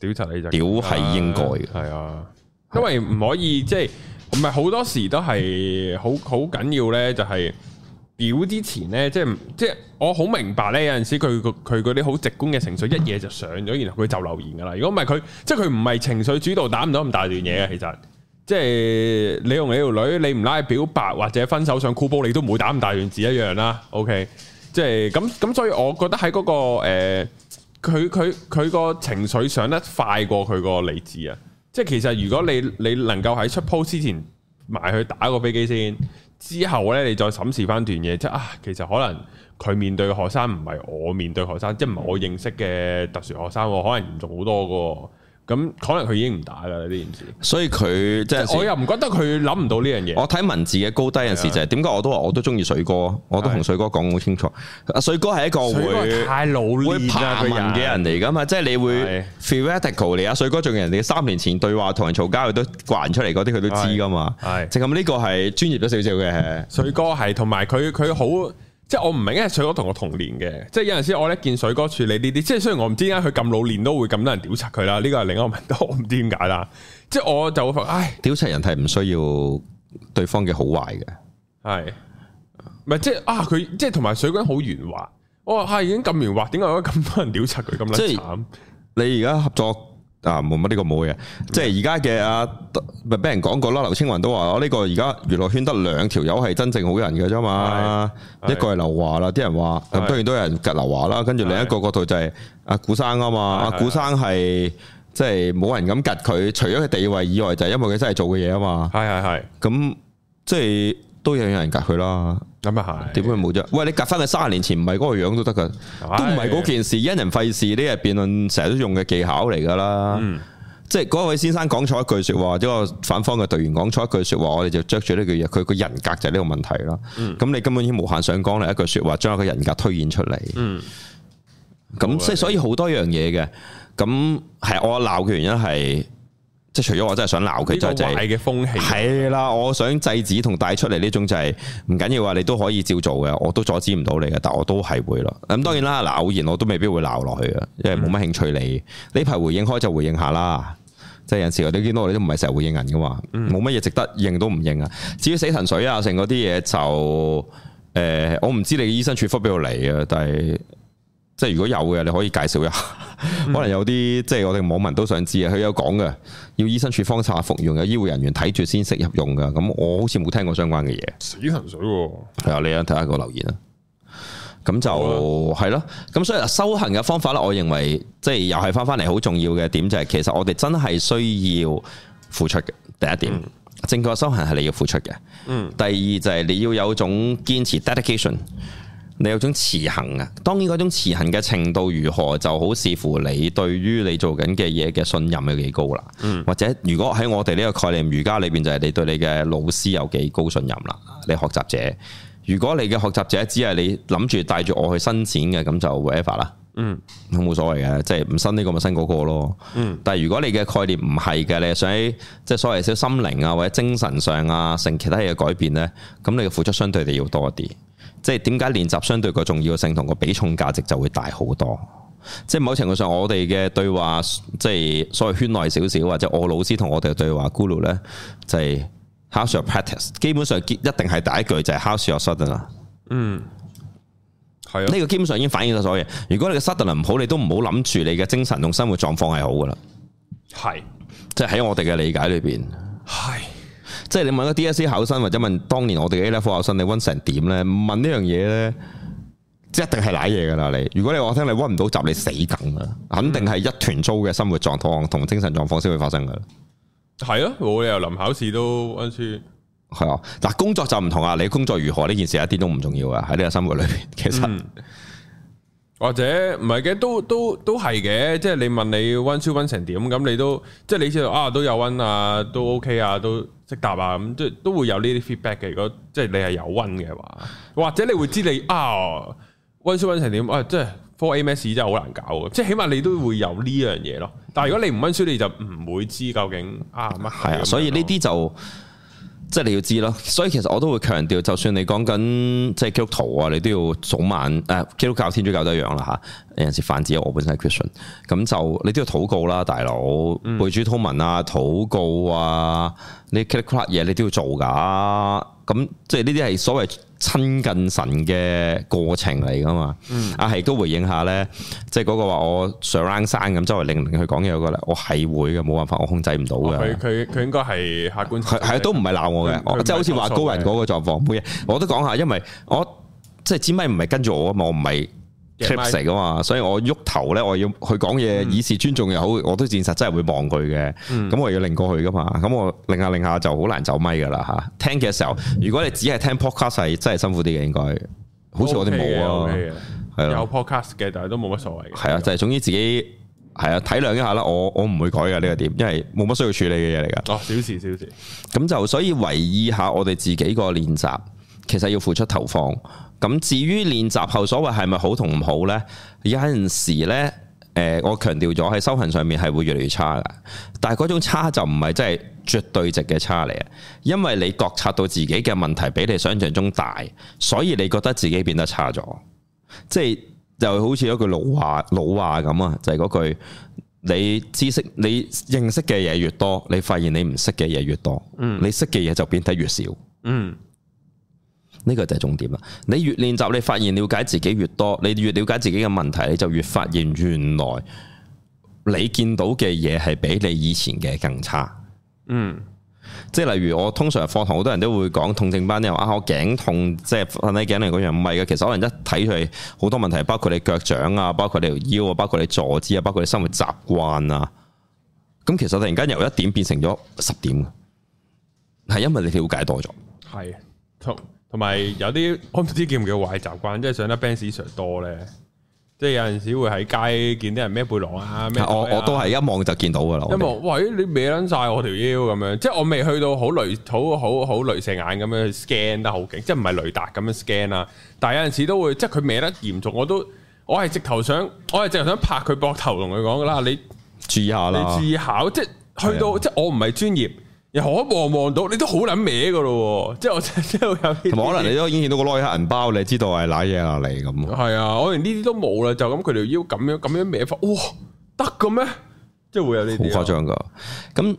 屌柒你就屌係應該嘅。係啊，啊啊，係。因為唔可以即係，唔係好多時都係好好緊要呢就係。表之前呢，即係即係我好明白呢。有陣時佢佢嗰啲好直觀嘅情緒一嘢就上咗，然後佢就留言噶啦。如果唔係佢，即係佢唔係情緒主導打唔到咁大段嘢嘅，其實即係、就是、你同你條女你唔拉表白或者分手上酷煲，你都唔會打咁大段字一樣啦。OK，即係咁咁，所以我覺得喺嗰、那個誒，佢佢佢個情緒上得快過佢個理智啊！即、就、係、是、其實如果你你能夠喺出 post 之前埋去打個飛機先。之後咧，你再審視翻段嘢，即啊，其實可能佢面對嘅學生唔係我面對學生，即係唔係我認識嘅特殊學生，可能嚴重好多噶。咁可能佢已經唔打啦呢是件事，所以佢即係我又唔覺得佢諗唔到呢樣嘢。我睇文字嘅高低陣時就係點解我都話我都中意水哥，我都同水哥講好清楚。阿的水哥係一個會太老練、啊、會爬文嘅人嚟噶嘛，人即係你會 theoretical 嚟啊。的水哥仲人哋三年前對話同人嘈交佢都掛出嚟嗰啲，佢都知噶嘛。係，即咁呢個係專業咗少少嘅。的水哥係同埋佢佢好。即係我唔明，因為水哥同我同年嘅，即係有陣時我咧見水哥處理呢啲，即係雖然我唔知點解佢咁老練都會咁多人調查佢啦，呢、這個係另一個問題，我唔知點解啦。即係我就覺，唉，調查人係唔需要對方嘅好壞嘅，係唔係？即係啊，佢即係同埋水軍好圓滑，我話、哎、已經咁圓滑，點解咁多人調查佢咁？即係是你而家合作。啊，冇乜呢個冇嘅，即係而家嘅阿咪俾人講過啦，劉青雲都話咯，呢個而家娛樂圈得兩條友係真正好人嘅啫嘛，一個係劉華啦，啲人話咁當然都有人夾劉華啦，跟住另一個角度就係阿古生啊嘛，阿古生係即係冇人咁夾佢，除咗佢地位以外，就係因為佢真係做嘅嘢啊嘛，係係係，咁即係。都有人隔佢啦，咁啊係，點解冇啫？喂，你隔翻佢三十年前唔係嗰個樣是都得噶，都唔係嗰件事，因人費事呢？係辯論成日都用嘅技巧嚟噶啦，嗯、即係嗰位先生講錯一句說話，即、那、係、個、反方嘅隊員講錯一句說話，我哋就着住呢句嘢，佢個人格就係呢個問題啦。咁、嗯、你根本已經無限上綱你一句說話，將佢個人格推演出嚟。咁即係所以好多樣嘢嘅，咁係我鬧嘅原因係。即除咗我真係想鬧佢，就係制嘅風氣係啦，我想制止同帶出嚟呢種就是、係唔緊要啊，你都可以照做嘅，我都阻止唔到你嘅，但我都係會咯。咁、嗯、當然啦，嗱偶然我都未必會鬧落去嘅，因為冇乜興趣你呢排、嗯、回應開就回應下啦。即、就、係、是、有陣時我你見到我哋都唔係成日回應人嘅嘛，冇乜嘢值得應都唔應啊。至於死神水啊，成嗰啲嘢就誒、呃，我唔知你醫生處方畀嚟嘅，但係。即係如果有嘅，你可以介紹一下。 <laughs> 可能有啲即係我哋網民都想知啊，佢有講嘅，要醫生處方搽、服用嘅，有醫護人員睇住先適合用嘅。咁我好似冇聽過相關嘅嘢。死鹹水喎、哦！係啊，你睇下個留言啦。咁就係咯。咁、啊啊、所以修行嘅方法咧，我認為即係又係翻翻嚟好重要嘅點就係、是，其實我哋真係需要付出嘅。第一點，嗯、正確修行係你要付出嘅。嗯。第二就係你要有種堅持 dedication。你有種持恆啊！當然嗰種持恆嘅程度如何，就好視乎你對於你做緊嘅嘢嘅信任有幾高啦。嗯，或者如果喺我哋呢個概念瑜伽裏邊，就係你對你嘅老師有幾高信任啦。你學習者，如果你嘅學習者只係你諗住帶住我去伸展嘅，咁就 whatever 啦。嗯，冇所謂嘅，即係唔新呢個咪新嗰個咯。嗯，但係如果你嘅概念唔係嘅咧，你想即係、就是、所謂啲心靈啊或者精神上啊成其他嘢改變咧，咁你要付出相對地要多啲。即係點解練習相對個重要性同個比重價值就會大好多？即係某程度上，我哋嘅對話，即係所謂圈內少少或者我老師同我哋嘅對話 Guru 咧就係 How's your practice？基本上一定係第一句就係 How's your sudden 啦。嗯，係啊。呢個基本上已經反映咗所有。如果你嘅 sudden 唔好，你都唔好諗住你嘅精神同生活狀況係好噶啦。係是，即係喺我哋嘅理解裏邊。係。即係你問個 DSE 考生或者問當年我哋 A Level 考生你溫成點呢？問呢樣嘢呢？即一定係瀨嘢噶啦你。如果你話我聽你溫唔到習，你死梗啊！肯定係一團糟嘅生活狀況同精神狀況先會發生噶。係咯、嗯啊，我由臨考試都溫書係啊。但工作就唔同啊。你工作如何呢件事一啲都唔重要啊。喺呢個生活裏面，其實。嗯或者唔係嘅，都都都係嘅，即係你問你溫書溫成點，咁你都即係你知道啊，都有溫啊，都 OK 啊，都識答啊，咁即係都會有呢啲 feedback 嘅。如果即係你係有溫嘅話，或者你會知你啊溫書溫成點啊，即係 for AMS 真係好難搞嘅，即係起碼你都會有呢樣嘢咯。但係如果你唔溫書，你就唔會知究竟啊乜係啊，所以呢啲就。即係你要知咯，所以其實我都會強調，就算你講緊即係基督徒啊，你都要早晚誒，基督教、天主教都一樣啦嚇。有陣時犯指我本身係 Christian，咁就你都要禱告啦，大佬背主禱文啊，禱告啊，呢啲你其他嘢你都要做噶。咁即係呢啲係所謂。親近神嘅過程嚟㗎嘛？啊，係都回應下咧，即係嗰個我話我上山山咁周圍令令佢講嘢嗰咧，我係會嘅，冇辦法，我控制唔到嘅。佢佢佢應該係客觀，係係都唔係鬧我嘅，即係好似話高人嗰個狀況。每日的我都講下，因為我即係支咪唔係跟住我啊嘛，我唔係。trip 錫噶嘛，所以我喐頭咧，我要去講嘢，嗯、以示尊重又好，我都事實真係會望佢嘅。咁、嗯、我又要擰過去噶嘛，咁我擰下擰下就好難走咪噶啦嚇。聽嘅時候，如果你只係聽 Podcast 係真係辛苦啲嘅，應該好似我哋冇啊。係的有 Podcast 嘅，但係都冇乜所謂。係啊，就係、是、總之自己係啊，體諒一下啦。我我唔會改嘅呢個點，因為冇乜需要處理嘅嘢嚟噶。哦，小事小事。咁就所以，維意下我哋自己個練習，其實要付出投放。咁至於練習後所謂係咪好同唔好呢？有陣時呢，誒，我強調咗喺修行上面係會越嚟越差嘅。但係嗰種差就唔係真係絕對值嘅差嚟嘅，因為你覺察到自己嘅問題比你想象中大，所以你覺得自己變得差咗。即係就好似一句老話老話咁啊，就係嗰句：你知識你認識嘅嘢越多，你發現你唔識嘅嘢越多，嗯，你識嘅嘢就變得越少，嗯。嗯。呢個就係重點啦！你越練習，你發現了解自己越多，你越了解自己嘅問題，你就越發現原來你見到嘅嘢係比你以前嘅更差。嗯，即係例如我通常課堂好多人都會講痛症班又啊，你話我頸痛，即係瞓喺頸嚟嗰樣唔係嘅。其實可能一睇佢好多問題，包括你腳掌啊，包括你條腰啊，包括你坐姿啊，包括你生活習慣啊。咁其實突然間由一點變成咗十點，係因為你了解多咗。係。同埋有啲，我唔知叫唔叫壞習慣，即係上得 Benz 多咧，即係有陣時會喺街見啲人孭背囊啊，咩我、啊啊、我都係一望就見到噶啦，一望 Okay. 喂，你孭卵晒我條腰咁樣，即係我未去到好雷好好好雷射眼咁樣 scan 得好勁，即係唔係雷達咁樣 scan 啊，但係有陣時都會，即係佢歪得嚴重，我都我係直頭想，我係直頭想拍佢膊頭同佢講噶啦，你注意下啦，你注意下，即係去到的即係我唔係專業。你可，望望到，你都好捻歪噶咯，即係我即係有同可能你都已經見到個拉黑銀包，你知道係哪嘢、啊、你咁。係啊，我連呢啲都冇啦，就咁佢條腰咁樣咁樣歪法，哇，得嘅咩？即係會有啲，好誇張噶。咁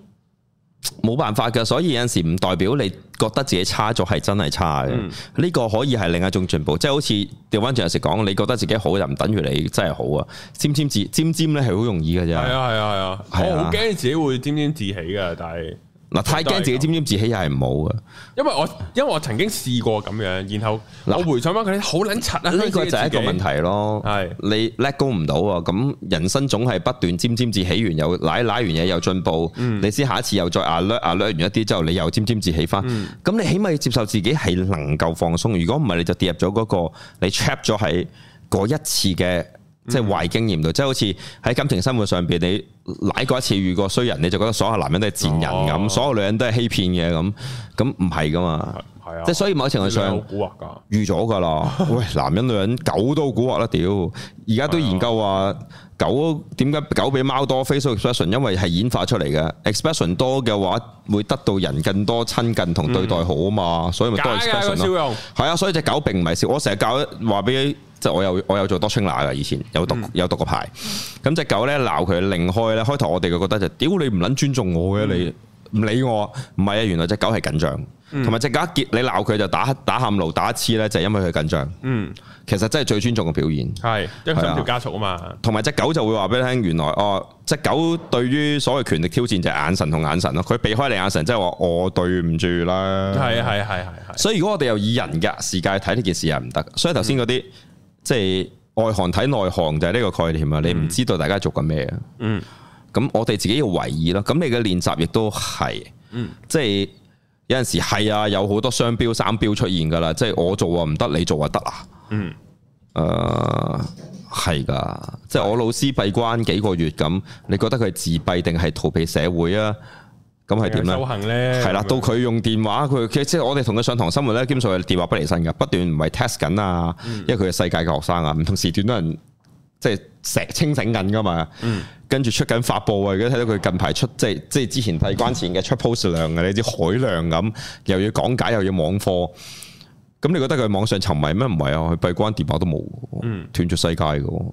冇辦法噶，所以有陣時唔代表你覺得自己差咗係真係差嘅。呢、嗯、個可以係另一種進步，即、就、係、是、好似調返轉頭嚟講，你覺得自己好就唔等於你真係好啊。沾沾自沾沾咧係好容易嘅啫。係啊係啊係啊，啊啊啊我好驚自己會沾沾自喜噶，但係。嗱，太驚自己沾沾自喜又係唔好嘅，因為我因為我曾經試過咁樣，然後我回想翻佢好捻柒啊！呢個就係一個問題咯，係你 let go 唔到啊！咁人生總係不斷沾沾自喜完又舐舐完嘢又進步，你先下一次又再啊掠啊掠完一啲之後，你又沾沾自喜翻咁你起碼要接受自己係能夠放鬆，如果唔係你就跌入咗嗰、嗰個你 trap 咗喺嗰一次嘅。即係壞經驗到，即係好似喺感情生活上邊，你舐過一次遇過衰人，你就覺得所有男人都係賤人咁，哦啊、所有女人都係欺騙嘅咁，咁唔係噶嘛。係啊，即係所以某程度上，好古惑噶，預咗噶啦。喂， <laughs> 男人女人狗都古惑啦屌，而家都研究話狗點解狗比貓多 facial expression 因為係演化出嚟嘅 expression 多嘅話，會得到人更多親近同對待好啊嘛，嗯、所以咪多嘅笑容係啊，所以隻狗並唔係笑，我成日教話俾即係我有我有做多春奶噶，以前有讀、嗯、有讀個牌。咁隻狗咧鬧佢零開咧，開頭我哋就覺得就屌、是呃、你唔撚尊重我嘅、啊、你唔理我，唔係啊，原來隻狗係緊張，同埋隻狗一結你鬧佢就打打喊路打一次咧，就係因為佢緊張。嗯，其實真係最尊重嘅表現，係因為心跳加速啊嘛。同埋隻狗就會話俾你聽，原來哦，隻狗對於所謂權力挑戰就係眼神同眼神咯。佢避開你眼神，即係話我對唔住啦。係係係係。的的所以如果我哋又以人嘅視界睇呢件事係唔得，所以頭先嗰啲。嗯即係外行睇內行就係呢個概念啊，嗯、你唔知道大家做緊咩啊？嗯，咁我哋自己要為意咯。咁你嘅練習亦都係，嗯，即係有陣時係啊，有好多雙標、三標出現噶啦。即係我做啊唔得，你做啊得啦。嗯，誒、呃，係噶，的即係我老師閉關幾個月咁，你覺得佢自閉定係逃避社會啊？咁係點咧？係啦，到佢用電話，佢其實即係我哋同佢上堂生活咧，基本上係電話不離身噶，不斷唔係 test 緊啊，因為佢嘅世界嘅學生啊，唔同時段都人，即係成清醒緊噶嘛。跟住出緊發布啊，而家睇到佢近排出，即係即係之前閉關前嘅出 post 量，嗰啲海量咁，又要講解，又要網課。咁你覺得佢網上沉迷咩？唔係啊，佢閉關電話都冇，斷絕世界噶。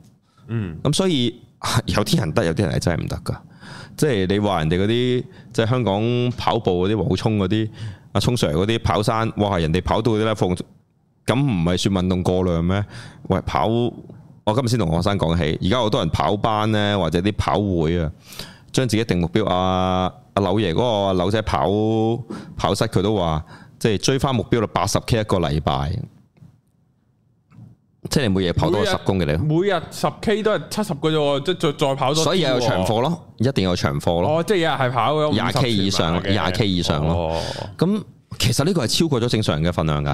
嗯，咁所以有啲人得，有啲人係真係唔得噶。即係你話人哋嗰啲，即係香港跑步嗰啲，話好衝嗰啲，阿、啊、聰 Sir 嗰啲跑山，哇！人哋跑到嗰啲咧，咁唔係算運動過量咩？喂，跑！我今日先同學生講起，而家好多人跑班咧，或者啲跑會啊，將自己定目標。啊。阿、啊、柳爺嗰、那個、啊、柳仔跑跑失，佢都話，即係追翻目標啦，八十 K 一個禮拜。即係你每日跑多十公里嘅你，每日十 K 都係七十個啫，即係再再跑多，所以有長課咯，哦、一定要有長課咯。哦，即係有人係跑咗廿 K 以上，廿的 K 以上咯。咁其實呢個係超過咗正常人嘅分量噶。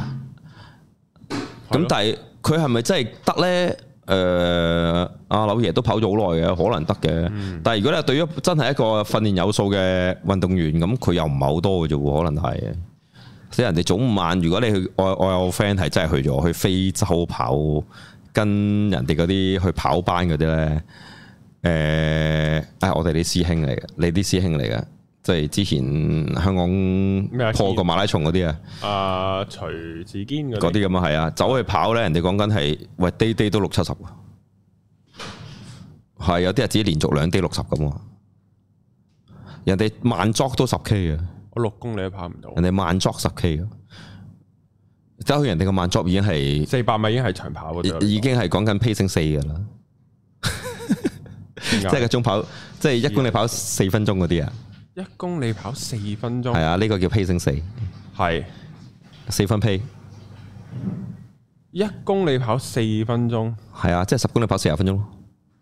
咁、嗯、但係佢係咪真係得咧？誒、呃，阿柳爺都跑咗好耐嘅，可能得嘅。嗯、但係如果你對於真係一個訓練有素嘅運動員，咁佢又唔係好多嘅啫，可能係。所以人哋早午晚，如果你去我我有 friend 係真係去咗去非洲跑，跟人哋嗰啲去跑班嗰啲咧，誒、呃，啊、哎，我哋啲師兄嚟嘅，你啲師兄嚟嘅，即係之前香港破過馬拉松嗰啲啊，啊，徐志堅嗰啲，咁啊，係啊，走去跑咧，人哋講緊係喂，day day 都六七十，係有啲日子連續兩 day 六十咁啊，人哋慢 jog 都十 K 啊。我六公里都跑唔到，人哋慢速十 K 走去人哋個慢速已經係四百米已經長跑，已經係長跑，已經係講緊 p a c i 四噶啦，即係個中跑，即係一公里跑四分鐘嗰啲啊，一公里跑四分鐘，係啊，呢、這個叫 pacing 四，係四是分 p e 一公里跑四分鐘，係啊，即係十公里跑四十分鐘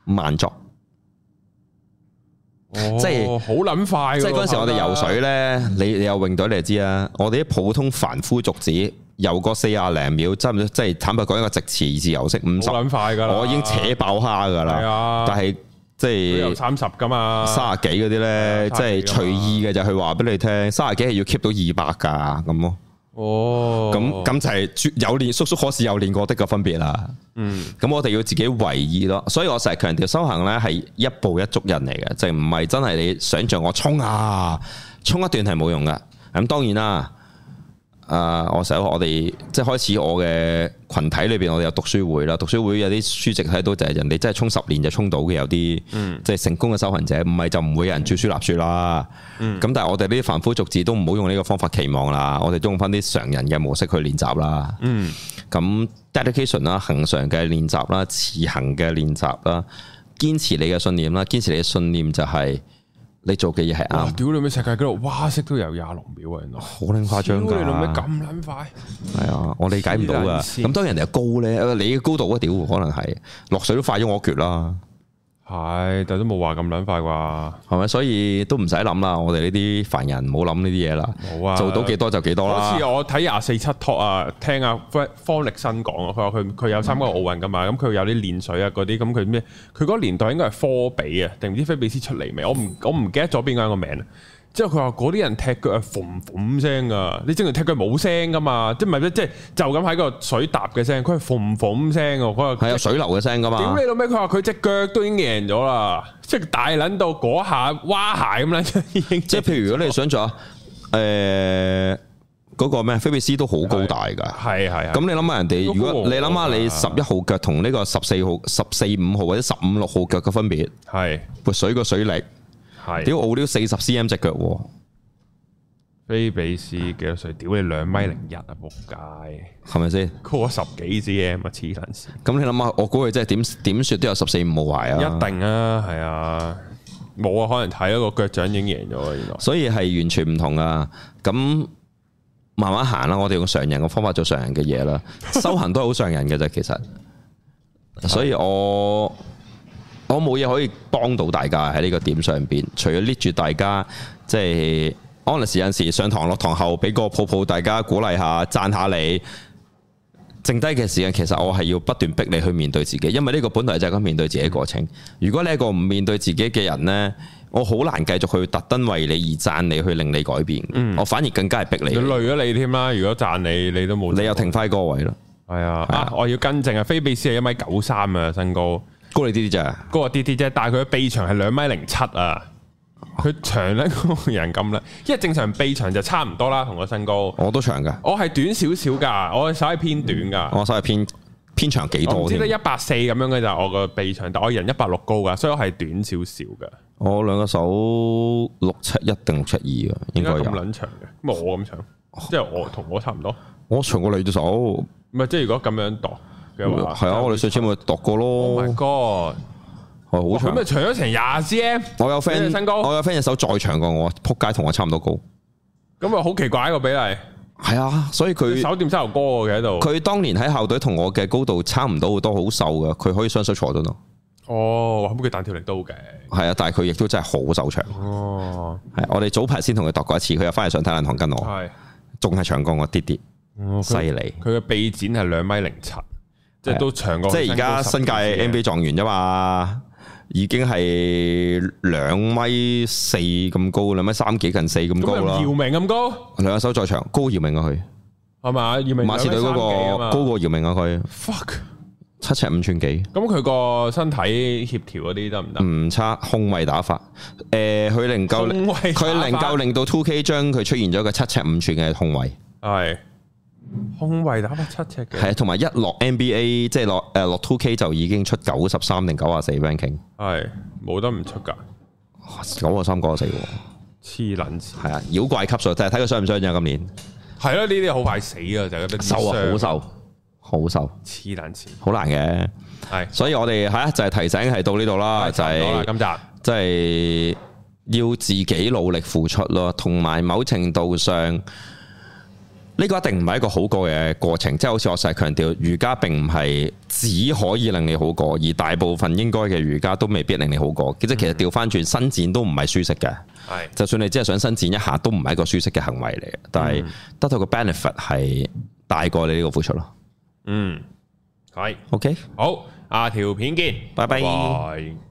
慢速。哦、即係好捻快，即係嗰陣時我哋游水咧，嗯、你你有泳隊你就知啦。我哋啲普通凡夫俗子游個四廿零秒，即係即係坦白講一個直池自由式五十，捻快噶啦，我已經扯爆蝦噶啦。係啊的，但係即係三十噶嘛，卅幾嗰啲咧，即係隨意嘅就去話俾你聽，卅幾係要 keep 到二百噶咁咯。哦，咁咁就係有練叔叔可是有練過的個分別啦。嗯，咁我哋要自己為意咯。所以我成日強調修行咧係一步一足印嚟嘅，就唔係真係你想象我衝啊，衝一段係冇用噶。咁當然啦。啊！我想我哋即係開始，我嘅群體裏邊，我哋有讀書會啦，讀書會有啲書籍睇到就係人哋真係衝十年就衝到嘅，有啲，即係、嗯、成功嘅修行者，唔係就唔會有人著書立説啦。咁、嗯、但係我哋呢啲凡夫俗子都唔好用呢個方法期望啦，我哋用翻啲常人嘅模式去練習啦。咁 dedication 啦，恒常嘅練習啦，持恆嘅練習啦，堅持你嘅信念啦，堅持你嘅信念就係、是。你做嘅嘢係啱。屌你老味，世界紀錄，哇！識都有廿六秒啊，原來好撚誇張㗎。你老咩？咁撚快。係啊、 <laughs> 哎，我理解唔到㗎。咁當然人哋高咧，你嘅高度啊，屌，可能係落水都快咗我一決啦。係，但都冇話咁卵快啩，係咪？所以都唔使諗啦，我哋呢啲凡人唔好諗呢啲嘢啦。冇啊，做到幾多就幾多啦。好似我睇廿四七 talk 啊，聽阿方力申講啊，佢話佢佢有三個奧運噶嘛，咁佢、嗯、有啲練水啊嗰啲，咁佢咩？佢嗰個年代應該係科比啊，定唔知菲比斯出嚟未？我唔我唔記得咗邊個個名啦。之後佢話嗰啲人踢腳係縫縫聲噶，你正常踢腳冇聲噶嘛？即係咪係即係就咁喺個水踏嘅聲，佢係縫縫聲噶。佢係係水流嘅聲噶嘛？點你諗咩？佢話佢隻腳都已經贏咗啦，即係大捻到嗰下蛙鞋咁捻，即係。譬如如果你想做，誒、呃、嗰、那個咩？菲比斯都好高大噶，係係。咁你諗下人哋，的如果你諗下你十一號腳同呢個十四號、十四五號或者十五六號腳嘅分別，係的水個水力。屌我傲四十 cm 隻腳，啊，菲比斯幾多歲？屌你兩米零一啊！仆街，係咪先？高咗十幾 cm 啊，黐撚線。咁你諗下，我估佢真係點點說都有十四五冇埋啊！一定啊，係啊，冇啊，可能睇嗰個腳掌已經贏咗。原來 <laughs> 所以係完全唔同啊。咁慢慢行啦，我哋用常人嘅方法做常人嘅嘢啦，修行都係好常人嘅啫。其實， <laughs> 所以我。我冇嘢可以幫到大家喺呢個點上邊，除咗拎住大家，即係安樂時有陣時上堂落堂後俾個泡泡大家鼓勵下，讚下你。剩低嘅時間，其實我係要不斷逼你去面對自己，因為呢個本來就係咁面對自己嘅過程。如果你係個唔面對自己嘅人呢，我好難繼續去特登為你而讚你，去令你改變。嗯、我反而更加係逼你。累咗你添啦！如果讚你，你都冇。你又停翻個位咯？係、哎、呀啊，啊，我要更正啊，菲比斯係一米九三啊，身高。高你啲啲咋？高我啲啲啫，但係佢嘅臂長係兩米零七啊，佢長咧個人咁咧，因為正常臂長就差唔多啦，同我身高。我都長噶，我係短少少噶，我嘅手係偏短噶，我手係偏偏長幾多？我知得一百四咁樣嘅咋。我個臂長，但係我人一百六高噶，所以我係短少少噶。我兩個手六七一定六七二啊，6, 7, 1, 7, 2, 應該咁撚長嘅，唔我咁長，長 <laughs> 即係我同我差唔多。我長過你隻手，唔係即係如果咁樣度。係啊，我哋上次咪度過咯。哥，哦好長咁，咪長咗成廿 cm，我有 friend 身高，我有 friend 隻手再長過我，扑街同我差唔多高。咁啊，好奇怪個比例。係啊，所以佢手掂膝頭哥嘅喺度。佢當年喺校隊同我嘅高度差唔多，好多好瘦噶。佢可以雙手坐得咯。哦，咁佢彈跳力都好嘅。係啊，但係佢亦都真係好手長。哦，係我哋早排先同佢度過一次，佢又翻嚟上體能堂跟我係仲係長過我啲啲，犀利。佢嘅臂展係兩米零七。即係都長過，即係而家新界 NBA 狀元啫嘛，已經係兩米四咁高，兩米三幾近四咁高咯。姚明咁高，兩手再長，高姚明啊佢，係嘛？姚明馬刺隊嗰個高過姚明啊佢。Fuck，七尺五寸幾？咁佢個身體協調嗰啲得唔得？唔差，控衛打法，誒，佢能夠，佢能夠令到 Two K 將佢出現咗個七尺五寸嘅控衛。係。控衛打埋七尺嘅，係啊，同埋一落 NBA 即係落誒落 Two K 就已經出九十三定九啊四 ranking，係冇得唔出噶，九啊三九啊四，黐捻線，係啊，妖怪級數就係睇佢傷唔傷咋，看看今年係咯呢啲好快死，就係咁樣，啊，就係瘦啊，好瘦好瘦，黐捻線，好難嘅，係的，所以我哋係啊，就係、是、提醒係到呢度啦，就係今集即係要自己努力付出咯，同埋某程度上。呢個一定唔係一個好過嘅過程，即係好似我成日強調，瑜伽並唔係只可以令你好過，而大部分應該嘅瑜伽都未必令你好過。即係其實調翻轉伸展都唔係舒適嘅，是就算你只係想伸展一下都唔係一個舒適嘅行為嚟嘅。但係得到個 benefit 係大過你呢個付出咯。嗯，係 OK，好，下條片見，拜拜。Bye bye。